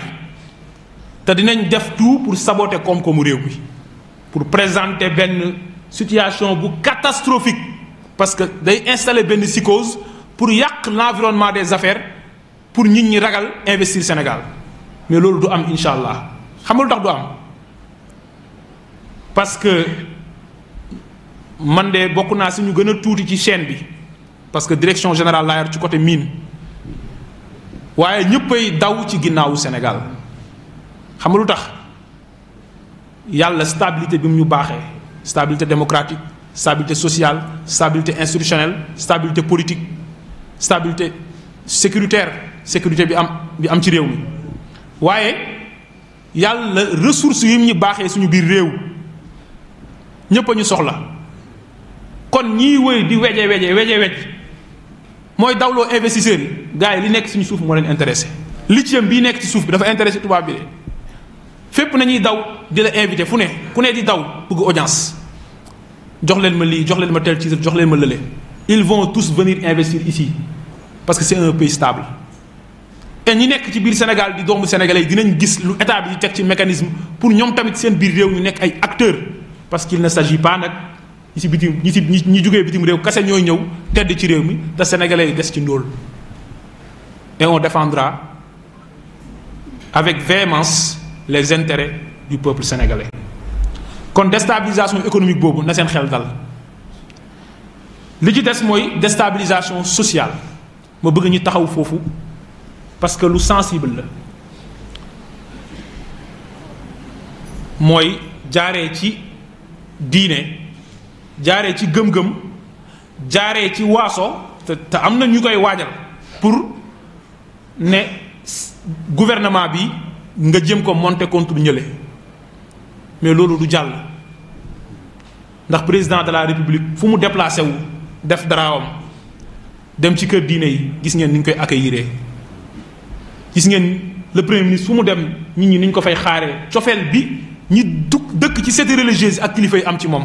te dinañ def tout pour saboter koom-koomu réew bi pour présenter benn situation bu catastrophique parce que day installer benn psychose pour yàq l'environnement des affaires pour nit ñi ragal investir Sénégal mais loolu du am insha allah xam nga lu tax du am parce que man de bokk naa si ñu gën a tuuti ci chaine bi parce que direction générale laa yor ci côté mine waaye ñëppay daw ci ginnaawu Sénégal xam nga lu tax yàlla stabilité bi mu ñu baaxee stabilité démocratique stabilité sociale stabilité institutionnelle stabilité politique stabilité sécuritaire sécurité bi am bi am ci réew mi waaye yàlla ressources yi ñi baaxee suñu biir réew ñépp a ñu soxla kon ñii wëy di weje weje weje wej mooy dawloo investisseurs yi gars yi li nekk suñu suuf moo leen intéressé lithium bii nekk ci suuf bi dafa intéressé tubaab bi fépp na ñuy daw di la invité fu ne ku ne di daw bëgg audience jox leen ma lii joxleen leen ma tel titre jox leen ma lële ils vont tous venir investir ici parce que c'est un pays stable et ñi nekk ci biir Sénégal di doomu sénégalais yi dinañ gis lu état bi di teg ci mécanisme pour ñoom tamit seen biir réew ñu nekk ay acteurs parce qu'il ne s'agit pas nag ñi si bitim ñi si ñi jugee bitim réew kese ñooy ñëw tedd ci réew mi te sénégalais yi des ci ndool et on défendra avec véhémence les intérêts du peuple sénégalais kon déstabilisation économique boobu na seen xel dal li ci des mooy destabilisation sociale ma bëgg ñu taxaw foofu parce que lu sensible la mooy jaaree ci diine jaaree ci gëm-gëm jaaree ci waaso te am na ñu koy waajal pour ne gouvernement bi nga jëm ko monter contre ñële mais loolu du jàll ndax président de la république fu mu déplacé wu. def daraawam dem ci kër diine yi gis ngeen ni ñu koy accueillir gis ngeen le premier ministre fu mu dem nit ñi ni ko fay xaaree cofeel bi ñi dugg dëkk ci cité religieuse ak kilifa yi am ci moom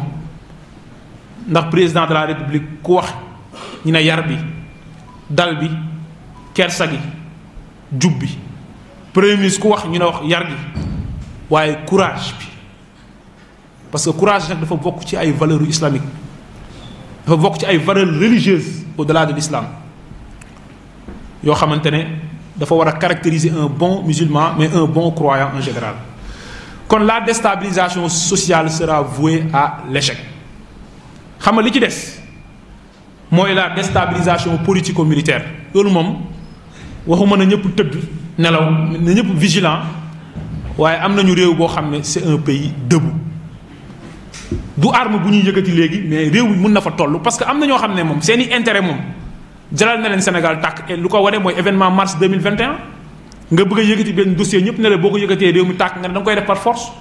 ndax président de la république ku wax ñu ne yar bi dal bi kersa gi jub bi premier ministre ku wax ñu ne wax yar gi waaye courage bi parce que courage nag dafa bokk ci ay valeur islamiques dafa bokk ci ay valeurs religieuses au-delà de l'islam yoo xamante ne dafa war a caractériser un bon musulman mais un bon croyant en général kon la déstabilisation sociale sera vouée à l'échec xam nga li ci des mooy la déstabilisation politico-militaire loolu moom waxuma na ñëpp tëdd nelaw na ñëpp vigilant waaye am nañu réew boo xam ne c'est un pays debout du arme bu ñuy yëkkati léegi mais réew mi mun na fa toll parce que am na ñoo xam ne moom seen i moom jalal na leen Sénégal tàkk lu ko waree mooy événement mars 2021 nga bëgg a yëkkati benn dossier ñëpp ne boo ko yëkkatee réew mi tàkk nga ne da nga koy def par force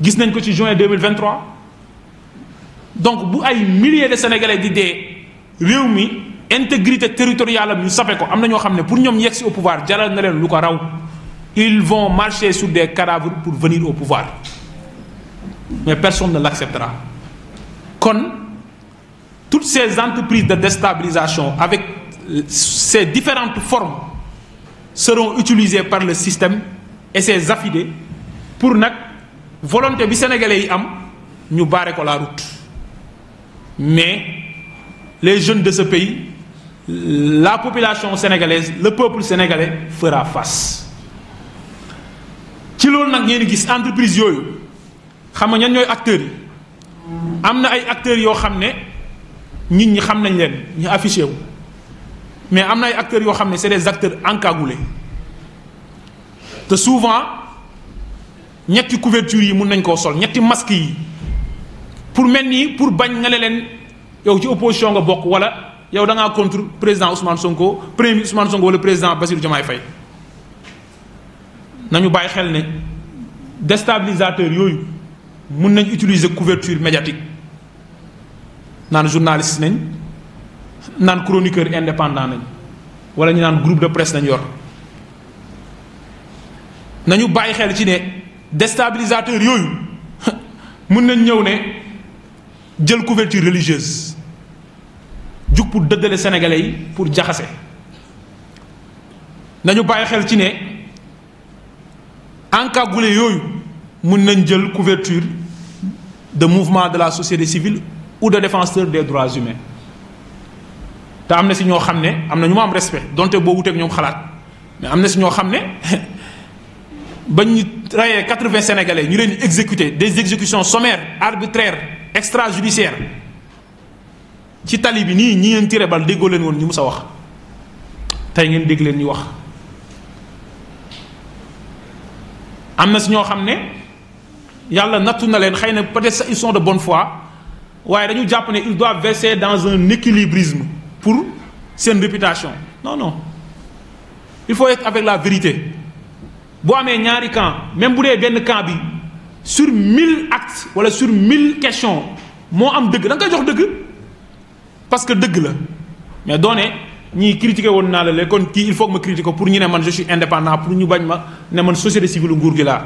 gis nañ ko ci juin 2023 donc bu ay milliers de sénégalais di dee réew mi intégrité territoriale am ñu sape ko am na ñoo xam ne pour ñoom yegg si au pouvoir jalal na leen lu ko raw ils von marché sur des cadavres pour venir au mais personne ne l'acceptera kon toutes ces entreprises de déstabilisation avec ces différentes formes seron utilisées par le système et ses affidés pour nag volonté bi sénégalais yi am ñu barrer ko la route mais les jeunes de ce pays la population sénégalaise le peuple sénégalais fera face ci loolu nag ngeen gis entreprise yooyu xam nga ñan ñooy acteur yi am na ay acteurs yoo xam ne nit ñi xam nañ leen ñu affiché wu mais am na ay acteurs yoo xam ne c'est des acteurs encagoulés te souvent ñetti couverture yi mun nañ koo sol ñetti masques yi pour mel nii pour bañ nga ne leen yow ci opposition nga bokk wala yow da ngaa contre président Ousmane Sonko premier Ousmane Sonko wala président Bassirou Diomaye Faye nañu bàyyi xel ne déstabilisateur yooyu. mun nañ utiliser couverture médiatique naan journaliste nañ naan chroniqueur indépendant nañ wala ñu naan groupe de presse nañ yor nañu bàyyi xel ci ne déstabilisateur yooyu mun nañ ñëw ne jël couverture religieuse jug pour dëddale sénégalais yi pour jaxase nañu bàyyi xel ci ne encagoulé yooyu mun nañ jël couverture de mouvement de la société civile ou de défenseur des droits humains te am na si ñoo xam ne am na ñu ma am respect donte boo wuteeg ñoom xalaat mais am na si ñoo xam ne ba ñu rayee quatre-vingts sénégalais ñu leen exécuté des exécutions sommaires arbitraires extrajudiciaires ci tali bi nii ñi ngeen tiré bal déggoo leen woon ñu mus a wax tey ngeen dégg leen ñu wax am na si ñoo xam ne. yàlla nattu na leen xëy na peut-être ils sont de bon fois waaye dañu jàpp ne ils doivent verser dans un équilibrisme pour seen réputation non non il faut être avec la vérité boo amee ñaari camp même bu dee benn camp bi sur mille actes wala sur mille questions moo am dëgg da nga jox dëgg parce que dëgg la mais doone ñii critiqué woon naa la léegi kon kii il faut ma critiqué ko pour ñu ne man je suis indépendant pour ñu bañ ma ne man société civile nguur gi laa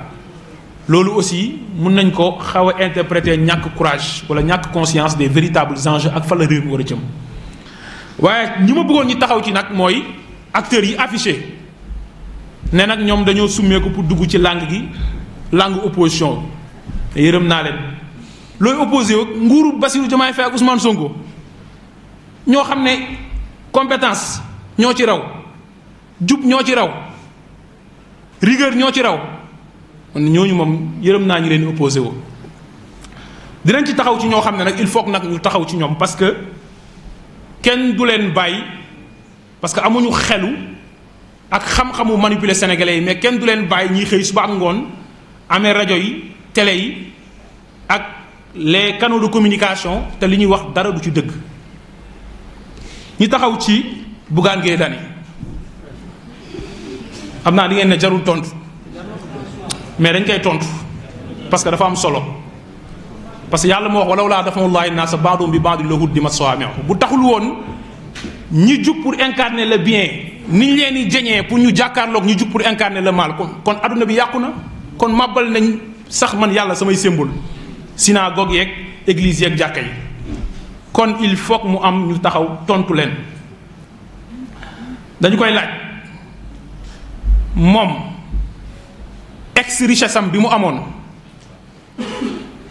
loolu aussi mun nañ ko xaw a interpréter ñàkk courage wala ñàkk conscience des véritables enjeux ak fan la war a jëm waaye ñi ma bëggoon ñi taxaw ci nag mooy acteurs yi affiché ne nag ñoom dañoo summeeku pour dugg ci langue gi langue opposition yërëm naa leen looy opposé nguur nguuru Bassirou Diomaye Faye ak Ousmane Sonko ñoo xam ne compétence ñoo ci raw jub ñoo ci raw rigueur ñoo ci raw man ñooñu moom yërëm naa ñi leen opposé woo dinañ ci taxaw ci ñoo xam ne nag il faut nag ñu taxaw ci ñoom parce que kenn du leen bàyyi parce que amuñu xelu ak xam-xamu manipuler sénégalais yi mais kenn du leen bàyyi ñiy xëy suba ak ngoon amee rajo yi tele yi ak les canaux communication te li ñuy wax dara du ci dëgg ñi taxaw ci Bougane Gueye Dany xam naa di ngeen ne jarul tontu. mais dañ koy tontu parce que dafa am solo parce que yàlla moo wax walaw laa naa naasa baadoom bi baadul la huddimat sawaami'u bu taxul woon ñi jub pour incarner la bien niñ leen di jeñee pour ñu jàkkaarlook ñu jub pour incarner la mal kon kon adduna bi yàqu na kon màbbal nañ sax man yàlla samay symbole synagogue yeeg église yeeg jàkka yi kon il faut que mu am ñu taxaw tontu leen dañu koy laaj moom ex richesse am bi mu amoon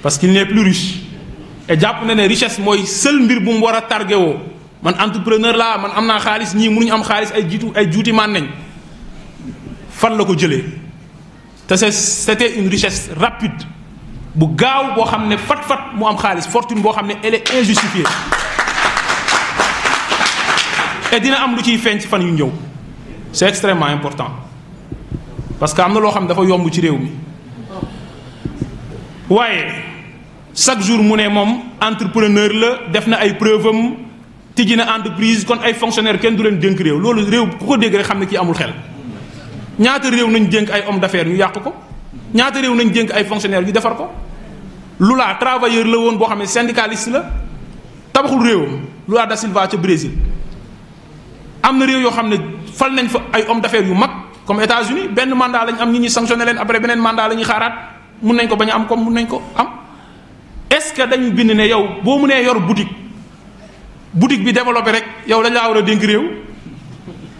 parce qu'il ne plus riche et jàpp na ne richesse mooy seul mbir bu mu war a targué woo man entrepreneur laa man am naa xaalis ñii mënuñu am xaalis ay jiitu ay juuti man nañ fan la ko jëlee te c'était une richesse rapide bu gaaw boo xam ne fat-fat mu am xaalis fortune boo xam ne elle est injustifiée dina am lu ciy feeñ ci fan yu ñëw c'est extrêmement important parce que am na loo xam ne dafa yomb ci réew mi waaye chaque jour mu ne moom entrepreneur la def na ay preuve am tijji na entreprise kon ay fonctionnaire kenn du leen dénk réew loolu réew ku ko dégg rek xam ne kii amul xel ñaata réew nañ jënk ay homme d'affaires ñu yàq ko ñaata réew nañ dénk ay fonctionnaire ñu defar ko lu Lula travailleur la woon boo xam ne syndicaliste la tabaxul réewam Lula da Silva ca Brésil am na réew yoo xam ne fal nañ fa ay homme d'affaires yu mag comme États-Unis benn mandat lañ am nit ñi sanctionné leen après beneen mandat la ñuy xaaraat mun nañ ko bañ am comme mun nañ ko am est-ce que dañu bind ne yow boo mënee yor boutique boutique bi développé rek yow dañ laa war a dénk réew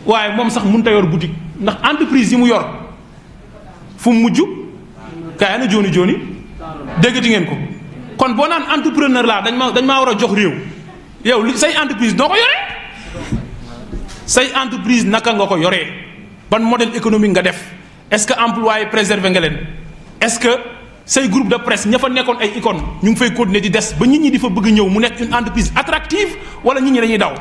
waaye moom sax mënut a yor boutique ndax entreprise yi mu yor fu mu mujj kaay na jooni jooni déggati ngeen ko kon boo naan entrepreneur laa dañ ma dañ maa war a jox réew yow li say entreprise noo ko yoree say entreprise naka nga ko yoree. ban modèle économique nga def est-ce que employé préserver nga leen est-ce que say groupe de presse ña fa nekkoon ay icône ñu ngi fay continuer di des ba nit ñi di fa bëgg ñëw mu nekk une entreprise attractive wala nit ñi dañuy daw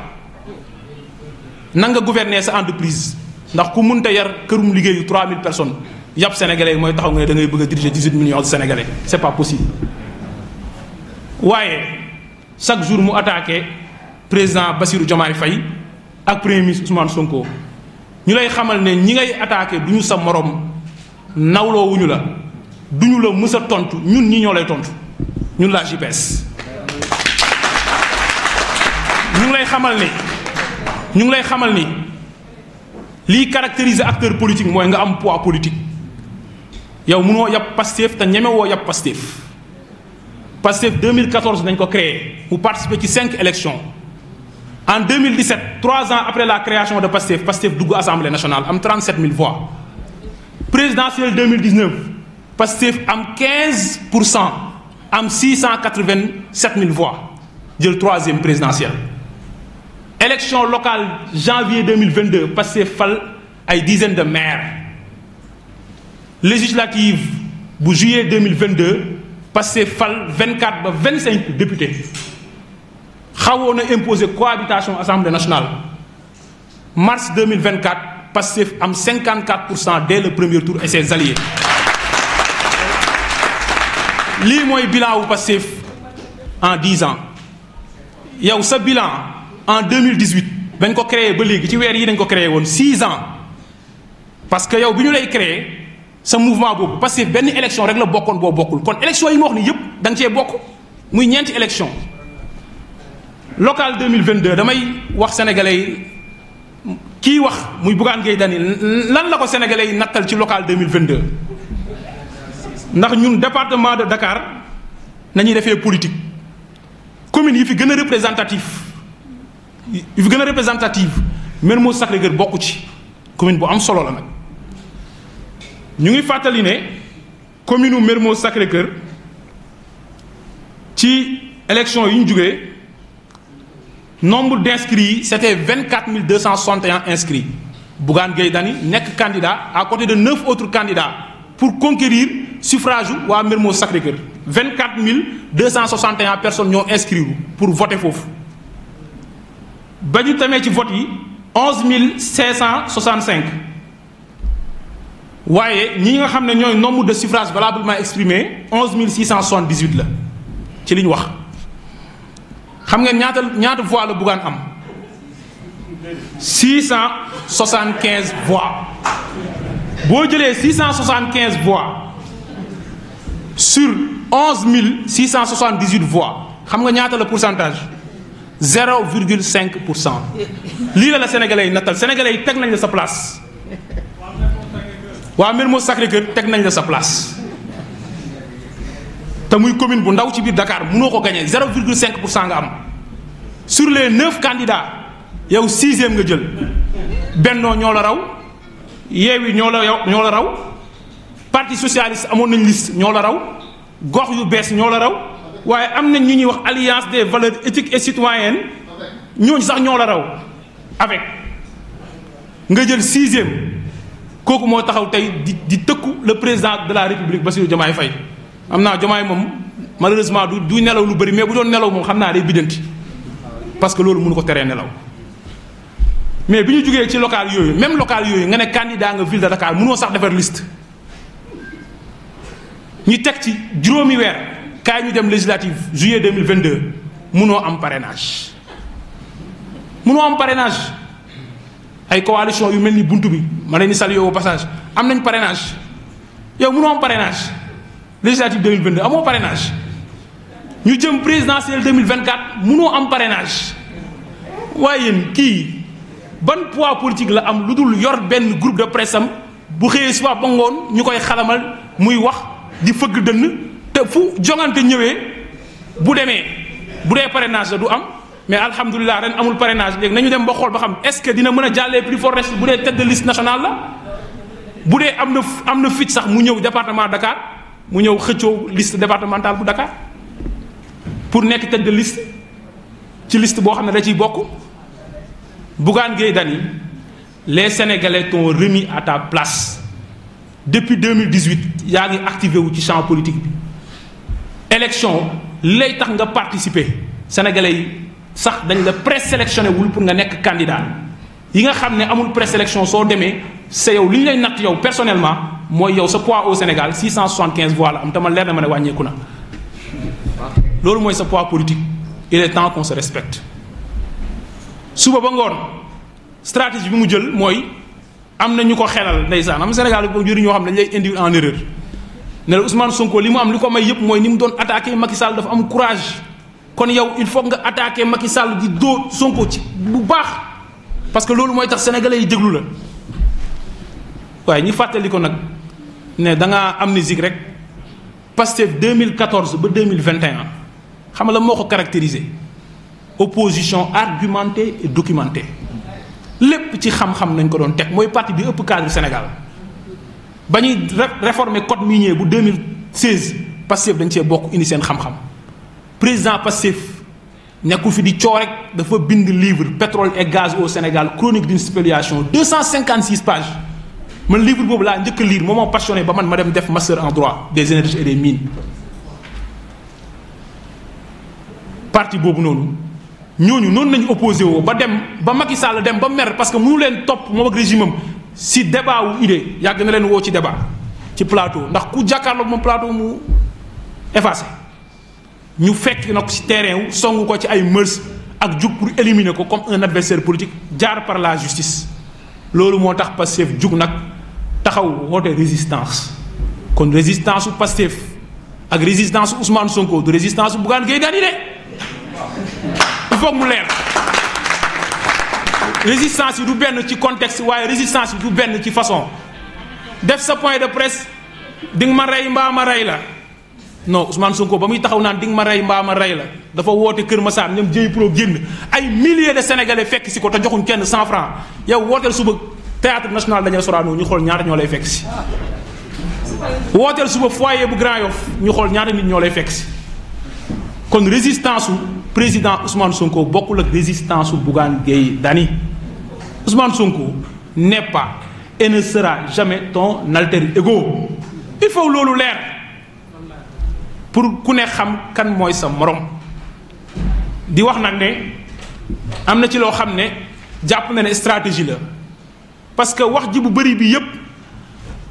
nan nga gouverner sa entreprise ndax ku mënta yar kërum liggéeyu 3000 personnes yàpp sénégalais yi mooy taxaw nga ne da ngay bëgg a diriger 18 millions de sénégalais c'est pas possible waaye chaque jour mu attaque président Bassirou Diomaye Faye ak premier ministre Ousmane Sonko. ñu lay xamal ne ñi ngay attaqué du ñu sa morom nawloowuñu la du ñu la mës tontu ñun ñi ñoo lay tontu ñun la JPS ñu lay xamal ni ñu ngi lay xamal ni lii caractériser acteur politique mooy nga am poids politique yow munoo yàpp Pastef te ñemewoo yàpp deux Pastef 2014 nañ ko créé mu participer ci cinq élections en 2017 trois ans après la création de PASTEF PASTEF dugg assemblée nationale am 37000 voix présidentielle 2019 PASTEF am 15 pour cent am 687000 voix jël troisième présidentielle. élection locale janvier 2022 PASTEF fal ay dizaines de maires législative bu juillet 2022 PASTEF fal 24 ba cinq députés. xawoon na imposer cohabitation assemblée nationale mars 2024 Pastef am 54 pour cent dès le premier tour et ses alliés lii mooy bilan wu Pastef en 10 ans yow sa bilan en 2018 dañ ko créé ba léegi ci weer yi dañ ko créé woon 6 ans parce que yow bi ñu lay créé sa mouvement boobu Pastef benn election rek la bokkoon boo bokkul kon élection yi ma wax ni yëpp da cee bokk muy ñeenti élection local 2022 damay wax sénégalais yi kii wax muy Bougane Gueye Dany lan la ko sénégalais yi nattal ci local 2022 ndax ñun département de Dakar nañuy defee politique communes yi fi gën a représentative yi fi gën a représentative Mermoz Sacré-Cœur bokku ci commune bu am solo la nag ñu ngi fàttali ne commune u Sacré-Cœur ci élection yi ñu jugee nombre d' inscrits yi c' était 24 261 inscrits Bougane Gueye Dany nekk candidat à côté de neuf autres candidats pour conquérir suffrage u waa Mermoz Sacré-Cœur 24 261 personnes ñoo inscrire pour voter foofu ba ñu tamee ci vote yi 11 565 waaye ñi nga xam ne ñooy nombre de suffrage valablement exprimé 11 678 la ci li ñu wax. xam nga ñaata ñaata voix la Bougane am 675 voix boo jëlee cent 675 voix sur 11 678 voix xam nga ñaata la pourcentage cinq pour cent lii la la sénégalais yi nattal sénégalais teg nañ la sa place waa Mermoz Sacré-Cœur teg nañ la sa place. te muy commune bu ndaw ci biir Dakar mënoo ko gagné 0,5 pour cent nga am sur les neuf candidats yow sixième nga jël bennoo ñoo la raw yeewi ñoo la yow ñoo la raw partie socialiste amoon nañ liste ñoo la raw gox yu bees ñoo la raw waaye am nañ ñu ñuy wax alliance des valeurs éthiques et citoyennes ñooñu sax ñoo la raw avec nga jël sixième kooku moo taxaw tey di di tëkku le président de la république Bassirou Diomaye Faye am naa jomaay moom malheureusement du du nelaw lu bëri mais bu doon nelaw moom xam naa day biddanti parce que loolu mënu ko teree nelaw mais bi ñu jugee ci local yooyu même local yooyu nga ne candidat nga ville de Dakar mënoo sax defar ñu teg ci juróomi weer kaay ñu dem législative juillet 2022 mënoo am parrainage mënoo am parrainage ay coalition yu mel ni bunt bi ma leen di saluer passage am nañ parrainage yow mënoo am parrainage législative 2022 amoo parrainage ñu jëm présidentielle 2024 munoo am parrainage waaye yéen kii ban pour politique la am lu dul yor benn groupe de presse am bu xëyee suba ba ngoon ñu koy xalamal muy wax di fëgg dënn te fu jongante ñëwee bu demee bu dee parrainage la du am mais alhamdulilah ren amul parenage léegi nañu dem ba xool ba xam est-ce que dina mën a jàllee plus fort reste bu dee tête de liste nationale la bu dee am na am na fit sax mu ñëw département Dakar. mu ñëw xëccoo liste départementale bu Dakar pour nekk tête de liste ci liste boo xam ne da ciy bokk Bougane Gueye Dany les Sénégalais t'ont remis à ta place depuis 2018 yaa ngi activé wu ci champ politique bi élection lay tax nga participer sénégalais yi sax dañ la présélectionné wul pour nga nekk candidat yi nga xam ne amul présélection soo demee c'est yow li ñu lay natt yow personnellement mooy yow sa poids au Sénégal 675 voix la am tama leer na ma ne wàññeeku na loolu mooy sa pois politique il est temps qu'on se suba ba ngoon stratégie bi mu jël mooy am na ñu ko xelal ndeysaan am Sénégal bi jëriñ ñoo xam ne dañ lay indi en erreur ne la Ousmane Sonko li mu am li ko may yëpp mooy ni mu doon attaqué Macky Sall dafa am courage kon yow il faut nga attaqué Macky Sall di dóor Sonko ci bu baax parce que loolu mooy tax sénégalais yi déglu la waaye ñu fàttali nag. ne da ngaa amnésique rek Pastef 2014 ba 2021 xam nga la moo ko caractérisé opposition argumentée et documentée lépp ci xam-xam nañ ko doon teg mooy parti bi ëpp cadre Sénégal ba ñuy réformer code minier bu 2016 Pastef dañ cee bokk indi seen xam-xam président Pastef nekkul fi di coo rek dafa bind livre pétrole et gaz au Sénégal chronique d'une spoliation 256 pages. man livre boobu laa njëkk liir lire moo ma passionné ba man ma dem def master en droit des énergies et des parti boobu noonu ñooñu noonu nañu opposé woo ba dem ba Macky Sall dem ba mer parce que mënu leen topp moo ak régime am si débat wu idée yàgg na leen woo ci débat ci plateau ndax ku jàkkaarloo moom plateau mu effacé ñu fekk na ko si terrain wu songu ko ci ay mërs ak jug pour éliminer ko comme un adversaire politique jaar par la justice loolu moo tax Pastef jug nag taxaw woote résistance kon résistance su Pastef ak résistance Ousmane Sonko du résistance bu Bougane Gueye Dany de il faut mu leer résistance yi du benn ci contexte waaye résistance yi du benn ci façon def sa point de presse di nga ma rey mbaa ma rey la non Ousmane Sonko ba muy taxaw naan di nga ma rey mbaa ma rey la dafa woote Kër Massar ñoom jëy pro génn ay milliers de sénégalais fekk si ko te joxuñ kenn cent franc yow wooteel suba. théâtre national Daniel Sorano ñu xool ñaata ñoo lay fekk si wooteel suba foyer bu Grand Yoff ñu xool ñaata nit ñoo lay fekk si kon résistance su président Ousmane Sonko bokkul ak résistance su Bougane Gueye Dany Ousmane Sonko n'est pas et sera jamais ton alter ego il faut loolu leer pour ku ne xam kan mooy sa morom di wax nag ne am na ci loo xam ne jàpp na ne stratégie la. parce que wax ji bu bëri bi yëpp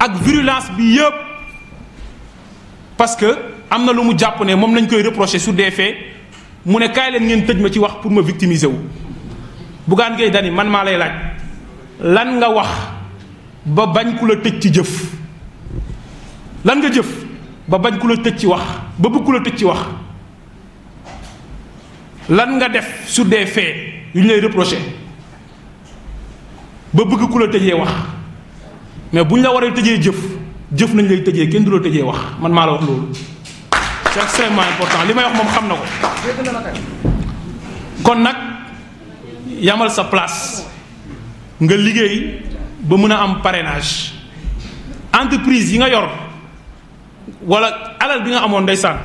ak virulence bi yëpp parce que am na lu mu jàpp ne moom lañ koy reprocher su dee fee mu ne kaay leen ngeen tëj ma ci wax pour ma victimiser wu. Bougane Gueye Dany man maa lay laaj lan nga wax ba bañ ku la tëj ci jëf lan nga jëf ba bañ ku la tëj ci wax ba bëgg ku la tëj ci wax lan nga def su des faits yu ñu lay reprocher. ba bugg ku la tëjee wax mais bu ñu la waree tëjee jëf jëf nañ lay tëjee kenn du la tëjee wax man maa la wax loolu c'est extrêmement important li may wax moom xam na ko kon nag yamal sa place nga liggéey ba mën a am parrainage entreprise yi nga yor wala alal bi nga amoon ndeysaan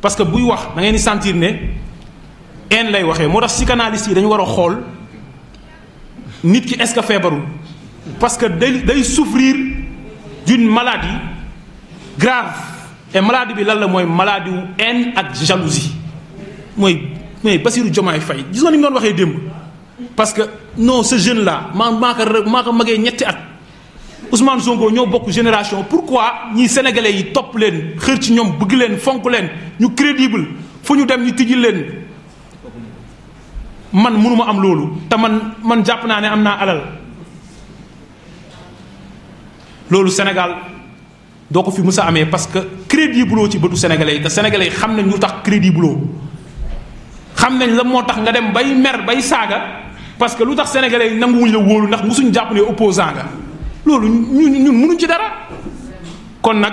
parce que buy wax da ngeen di sentir ne en lay waxee moo tax psychanalyste yi dañu war a xool nit ki est-ce feebarul parce que day day souffrir d'une maladie grave et bi lan la mooy maladie wu haine ak jalousie mooy mooy Bassirou Diomaye Faye gis nga ni mu doon waxee démb parce que non ce jeune là maa maa ko maa magee ñetti at Ousmane Sonko ñoo bokk génération pourquoi ñi sénégalais yi topp leen xër ci ñoom bëgg leen fonk leen ñu crédible fu ñu dem ñu tijji leen man mënuma am loolu te man man jàpp naa ne am naa alal loolu Sénégal doo ko fi mës a amee parce que crédible ci bëtu sénégalais yi te sénégalais xam nañ lu tax crédit crédible xam nañ la moo tax nga dem bay mer bay saaga parce que lu tax sénégalais yi nanguwuñ la wóolu ndax musuñ jàpp ne opposant nga loolu ñu ñun mënuñ ci dara kon nag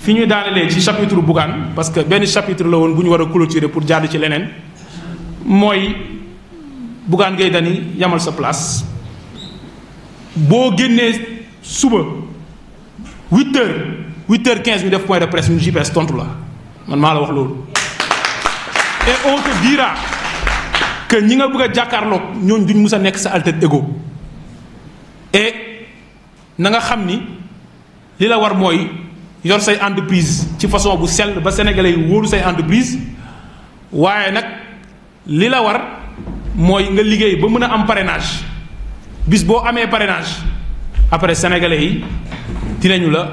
fi ñuy daanalee ci chapitre Bougane parce que benn chapitre la woon bu ñu war a clôturer pour jàll ci leneen mooy Bougane Gueye Dany yamal sa place boo génnee suba huit heures huit quinze ñu def point de presse ñu JPS tontu la man maa la wax loolu et on te dira que ñi nga bëgg a jàkkaarloog ñooñ duñ mus a nekk sa alter ego et na nga xam ni li la war mooy yor say entreprise ci façon bu sell ba sénégalais yi wóolu say entreprise waaye nag li la war mooy nga liggéey ba mën a am parrainage bis boo amee parrainage après sénégalais yi dinañu la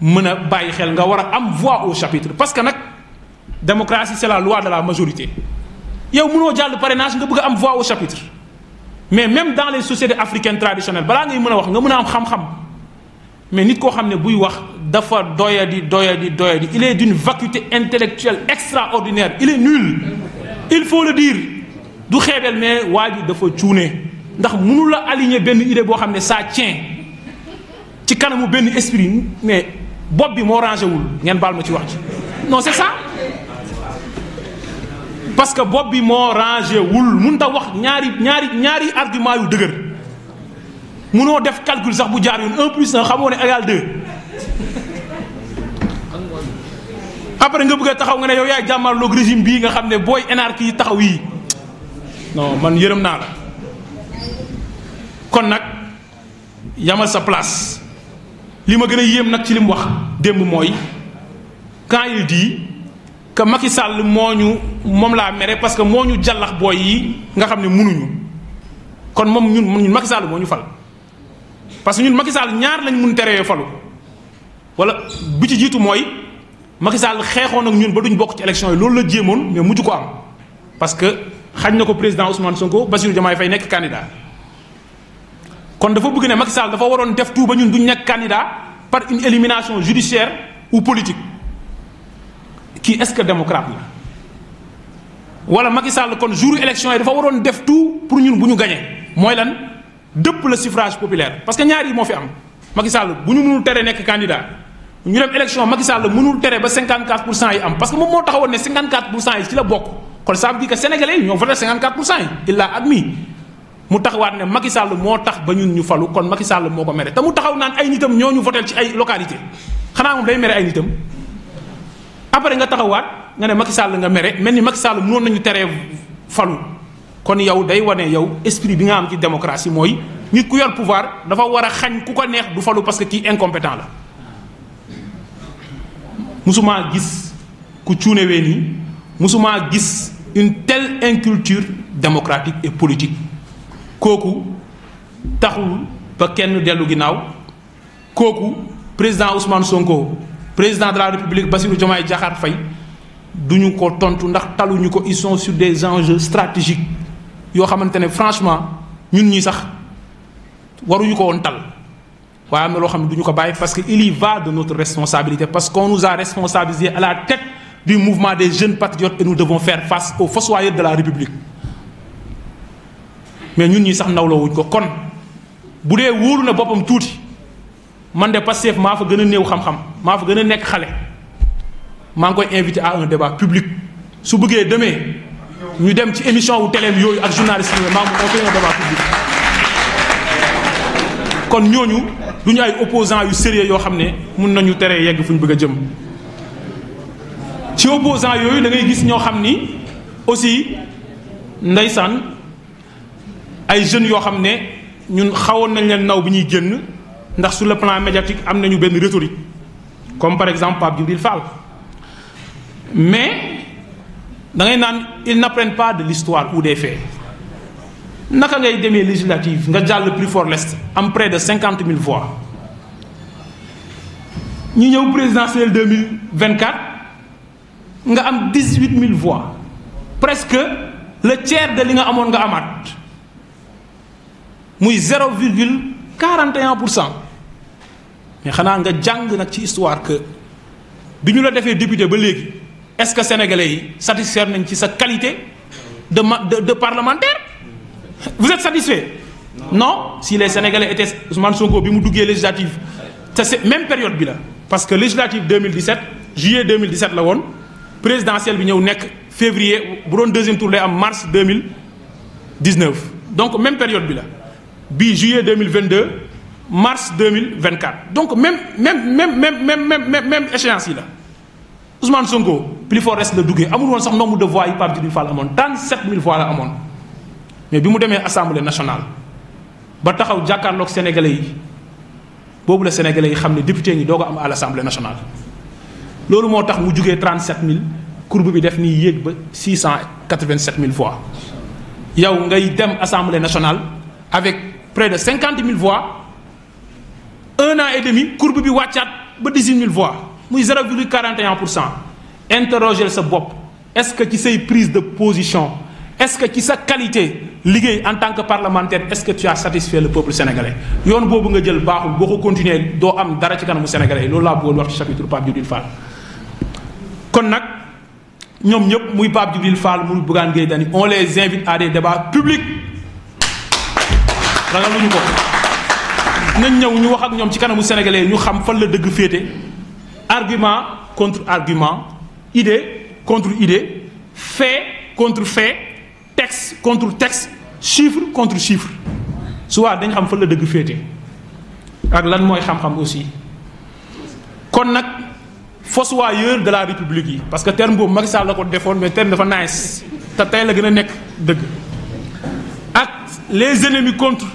mën a bàyyi xel nga war a am voix au chapitre parce que nag démocratie c'est la loi de la majorité yow mënoo jàll parrainage nga bëgg am voix au chapitre mais même dans les sociétés africaines traditionnelles balaa ngay mën a wax nga mën a am xam-xam mais nit koo xam ne buy wax dafa doyadi doyadi doyadi il est d'une vacuité intellectuelle extraordinaire il est nul il faut le dire du xeebeel mais waa ji dafa cuune ndax mënu la aligner benn idée boo xam ne sa tient ci kanamu benn esprit mais bopp bi moo rangé wul ngeen baal ma ci wax ci non c'est ça parce que bopp bi moo rangé wul mun ta wax ñaari ñaari ñaari argument yu dëgër munoo def calcul sax bu jaar yoon un plus un xamoo ne égal deux après nga bëgg taxaw nga ne yow yaay jàmmarloog régime bii nga xam ne booy énarque yi taxaw yi non man yërëm naa la kon nag yamal sa place li ma gën a yéem nag ci li wax démb mooy quand il dit que Macky moo ñu moom laa mere parce que moo ñu jàllax booy yi nga xam ne munuñu kon moom ñun ñun Macky Sall moo ñu fal parce que ñun Macky Sall ñaar lañ mun terewee falu wala bi ci jiitu mooy Macky Sall xeexoon ak ñun ba duñ bokk ci élection yi loolu la jéemoon mais mujj ko am parce xaaj na ko président Ousmane Sonko Bassirou Diomaye fay nekk candidat kon dafa bëgg ne Macky Sall dafa waroon def tout ba ñun duñ nekk candidat par une élimination judiciaire ou politique kii est-ce que démocrate la wala Macky Sall kon jour élection yi dafa waroon def tout pour ñun bu ñu gañee mooy lan dëpp le suffrage populaire parce que ñaar moo fi am Macky Sall bu ñu mënul tere nekk candidat ñu dem élection Macky Sall mënul tere ba 54 pour cent yi am parce que moom moo la bokk kon ça veut dire que sénégalais yi ñoo voté 54 pour cent yi il l'a admis mu taxawaat ne Macky Sall moo tax ba ñun ñu falu kon Macky Sall moo ko mere te mu taxaw naan ay nitam ñoo ñu voté ay localité xanaa day mere ay nitam après nga taxawaat nga ne Macky Sall nga mere mel ni Macky Sall mënoon nañu teree falu kon yow day wane yow esprit bi nga am ci démocratie mooy nit ku yor pouvoir dafa war a xañ ku ko neex du falu parce que kii incompétent la musuma gis ku cuunewee nii musuma gis une telle inculture démocratique et politique kooku taxul ba kenn dellu ginnaaw kooku président Ousmane Sonko président de la République Bassirou Diomaye Diakhar Faye duñu ko tontu ndax talu ñu ko ils sont sur des enjeux stratégiques yoo xamante ne franchement ñun ñi sax waruñu ko woon tal waaye am loo xam ne duñu ko bàyyi parce que il y va de notre responsabilité parce que nous a responsabilisé à la tête du mouvement des jeunes patriotes et nous devons faire face aux fossoyeurs de la République mais ñun ñi sax nawloo wuñ ko kon bu dee wóolu na boppam tuuti man de Pastef maa fa gën a néew xam-xam maa fa gën a nekk xale maa ngi koy invité à un débat public su bëggee demee ñu dem ci émission wu téléem yooyu ak journaliste yi maa ngi koy débat public kon ñooñu du ñu ay opposants yu sérieux yoo xam ne mun nañu tere yegg fu ñu bëgg a jëm ci opposant yooyu da ngay gis ñoo xam ni aussi ndeysaan ay jeunes yoo xam ne ñun xawoon nañ leen naw bi ñuy génn ndax su le plan médiatique am nañu benn rhétorique comme par exemple Pape Djibril Fall mais da ngay naan ils n'apprennent pas de l'histoire ou des faits naka ngay demee législative nga jàll plus fort l'est am près de cinquante mille voix ñu ñëw présidentielle deux mille vingt-quatre nga am dix huit mille voix presque le tiers de li nga amoon nga amaat muy zéro virgule quarante et pour cent mais xanaa nga jàng nag ci histoire que bi ñu la defee député ba léegi est-ce que sénégalais yi satisfaire nañ ci sa qualité de ma de de parlementaire. vous êtes satisfait. non, non si les sénégalais étaient Ousmane Sonko bi mu duggee législative te c'est même période bi la parce que législative 2017 juillet la woon. présidentielle bi ñëw nekk février bu doon deuxième tour day am mars 2019 donc même période bi la bii juillet 2022 mars 2024 donc même même même même même même même échéance yi la Ousmane Sonko plus fort reste la duggee amul woon sax nombre de voix yi Pape Djibril Fall amoon ten 37000 voix la amoon mais bi mu demee assemblée nationale ba taxaw jàkkaarloog sénégalais yi boobu la sénégalais yi xam ne député ngi doo ko am à l' assemblée loolu moo tax mu jugee mille courbe bi def nii yéeg ba 687000 voix yow ngay dem assemblée nationale avec près de 50000 voix un an et demi courbe bi wàccaat ba 18000 voix muy 0,41 pour cent interroger sa bopp est-ce que ci say prise de position est-ce que ci sa qualité liggéey en tant que parlementaire est-ce que tu as satisfait le peuple sénégalais yoon boobu nga jël baaxul boo ko continuer doo am dara ci kanamu sénégalais kon nag ñoom ñëpp muy Pape Djibril Fall muy Bougane Gueye Dany on les invite à des débats publics ragaluñu ko nañ ñëw ñu wax ak ñoom ci kanamu sénégalais ñu xam fan la dëgg féete argument contre argument idée contre idée fait contre fait texte contre texte chiffre contre chiffre soit dañ xam fan la dëgg féete ak lan mooy xam-xam aussi kon nag fossoyeur de la république yi parce que terme boobu Macky Sall la ko defoon mais terme dafa nice te tey la gën a nekk dëgg ak les ennemis contre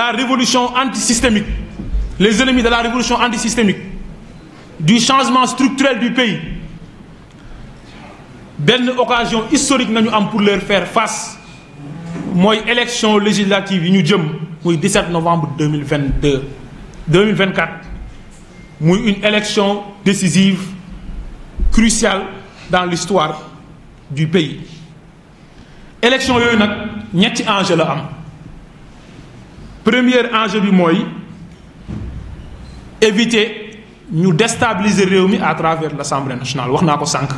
la révolution antisystémique les ennemis de la révolution antisystémique du changement structurel du pays benn occasion historique nañu am pour leur faire face mooy élection législative yi ñu jëm muy 17 novembre 2022 2024 muy une élection décisive cruciale dans l'histoire du pays élection yooyu nag ñetti enjeu la am première enjeu bi mooy éviter ñu déstabiliser réew mi à travers l'Assemblée nationale wax naa ko sànq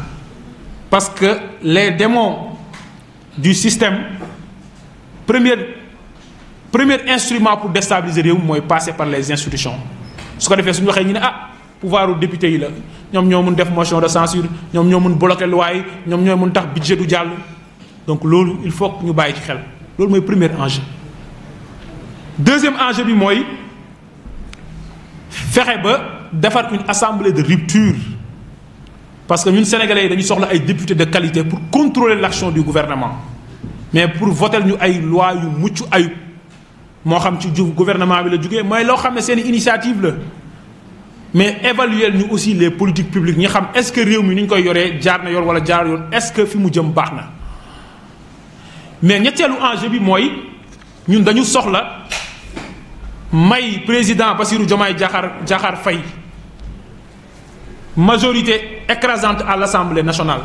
parce que les démons du système première premier instrument pour déstabiliser réew mi mooy passer par les institutions su ko defee suñu waxee ñu ne ah pouvoiru député yi la ñoom ñoo mun def motion de censure ñoom ñoo mun bloquer loi ñoom ñoo mun tax budget du jàll donc loolu il faut que ñu bàyyi ci xel loolu mooy premier enjeu deuxième enjeu bi mooy fexe ba defar une assemblée de rupture parce que ñun sénégalais yi dañu soxla ay députés de qualité pour contrôler l'action du gouvernement mais pour voter ñu ay loi yu mucc ayub moo xam ci ju gouvernement bi la jugee mooy loo xam ne seen initiative la mais évaluer ñu aussi les politiques publiques ñu xam est-ce que réew mi ni ñu koy yoree jaar na yor wala jaar yoon est-ce que fi mu jëm baax na mais ñetteelu enjeu bi mooy ñun dañu soxla may président Bassirou Diomaye Diakhar Diakhar fay majorité écrasante à l'Assemblée nationale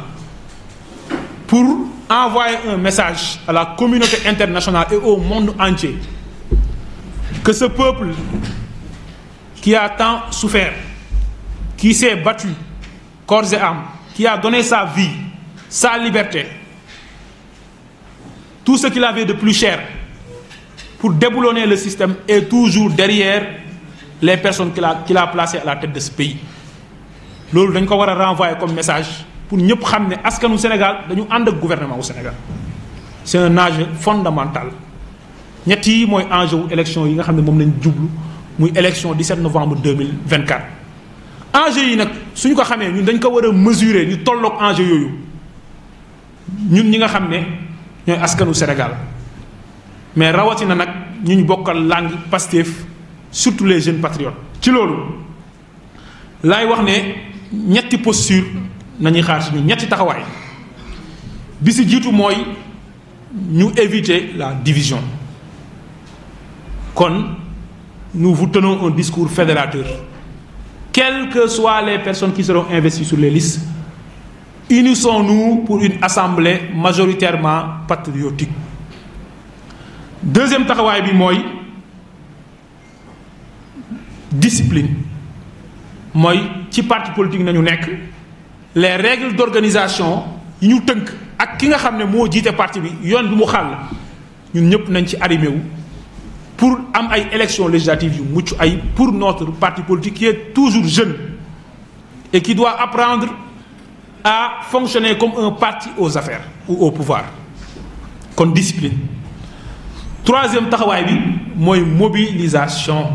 pour envoyer un message à la communauté internationale et au monde entier que ce peuple qui a tant souffert, qui s'est battu corps et âme, qui a donné sa vie, sa liberté, tout ce qu'il avait de plus cher pour déboulonner le système est toujours derrière les personnes qu'il a qu'il a placées à la tête de pays loolu dañ ko war a renvoyer comme message pour ñëpp xam ne askanu Sénégal dañu ànd ak gouvernement au Sénégal c'est un enjeu fondamental ñetti mooy enjeu wu élection yi nga xam ne moom lañ jublu muy élection 17 novembre 2024. enjeu yi nag suñu ko xamee ñun dañ ko war a mesurer ñu tolloog enjeu yooyu ñun ñi nga xam ne ñooy askanu Sénégal mais rawatina nag ñu ñu bokkal langue Pastef surtout les jeunes patriotes. ci loolu laay wax ne ñetti posture nañuy xaar si ñetti taxawaay bi si jiitu mooy ñu éviter la division. kon nous vous tenons un discours fédérateur quelles que les personnes qui seront investies sur les listes unissons-nous pour une assemblée majoritairement patriotique deuxième taxawaay bi mooy discipline mooy ci parti politique nañu nekk les règles d'organisation yi ñu tënk ak ki nga xam ne moo jiite parti bi yoon bi mu xàll ñun ñëpp nañ ci arrimé wu pour am ay élections législatives yu mucc ay pour notre parti politique qui est toujours jeune et qui doit apprendre à fonctionner comme un parti aux affaires ou au pouvoir kon discipline troisième taxawaay bi mooy mobilisation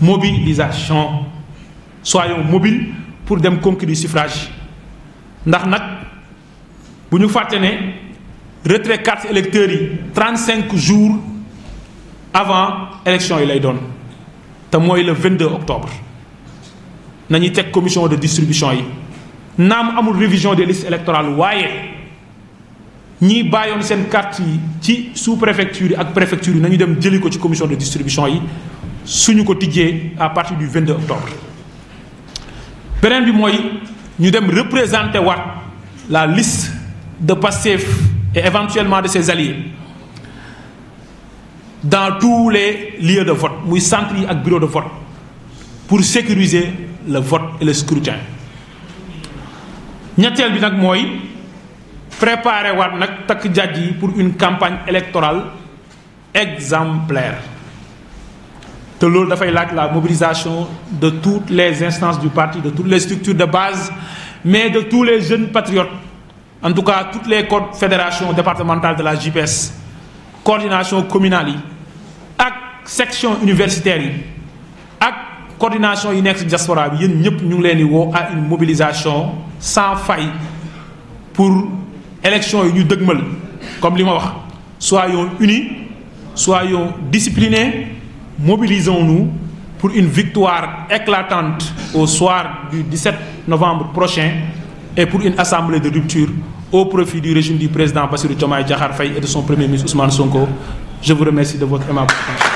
mobilisation soyons mobile pour dem conquérir suffrage ndax nag bu ñu fàtte ne retrait carte électeurs yi cinq jours avant élection yi lay doon te mooy le 22 octobre nañuy teg commission de distribution yi naam amul révision des listes électorales waaye ñiy bàyyoon seen carte yi ci sous préfecture yi ak préfecture yi nañu dem jëli ko ci commission de distribution yi suñu ko tijjee à partie du 22 octobre beneen bi mooy ñu dem représenter waat la liste de Pastef et éventuellement de ses alliés dans tous les lieux de vote muy centre yi ak bureau de vote pour sécuriser le vote et le scrutin ñetteel bi nag mooy préparer waat nag takk jàjj yi pour une campagne électorale exemplaire te loolu dafay laaj la mobilisation de toutes les instances du parti de toutes les structures de base mais de tous les jeunes patriotes en tout cas toutes les fédérations départementales de la JPS coordination communale yi section universitaire yi ak coordination yi nekk ci diaspora bi yéen ñëpp ñu ngi leen di woo a une mobilisation sans fay pour élection yi ñu dëgmal comme li ma wax soyons unis soyons disciplinés mobilisons-nous pour une victoire éclatante au soir du 17 novembre prochain et pour une assemblée de rupture au profit du régime du président Bassirou Diomaye Diakhar Faye et de son premier ministre Ousmane Sonko. Je vous remercie de votre aimable attention.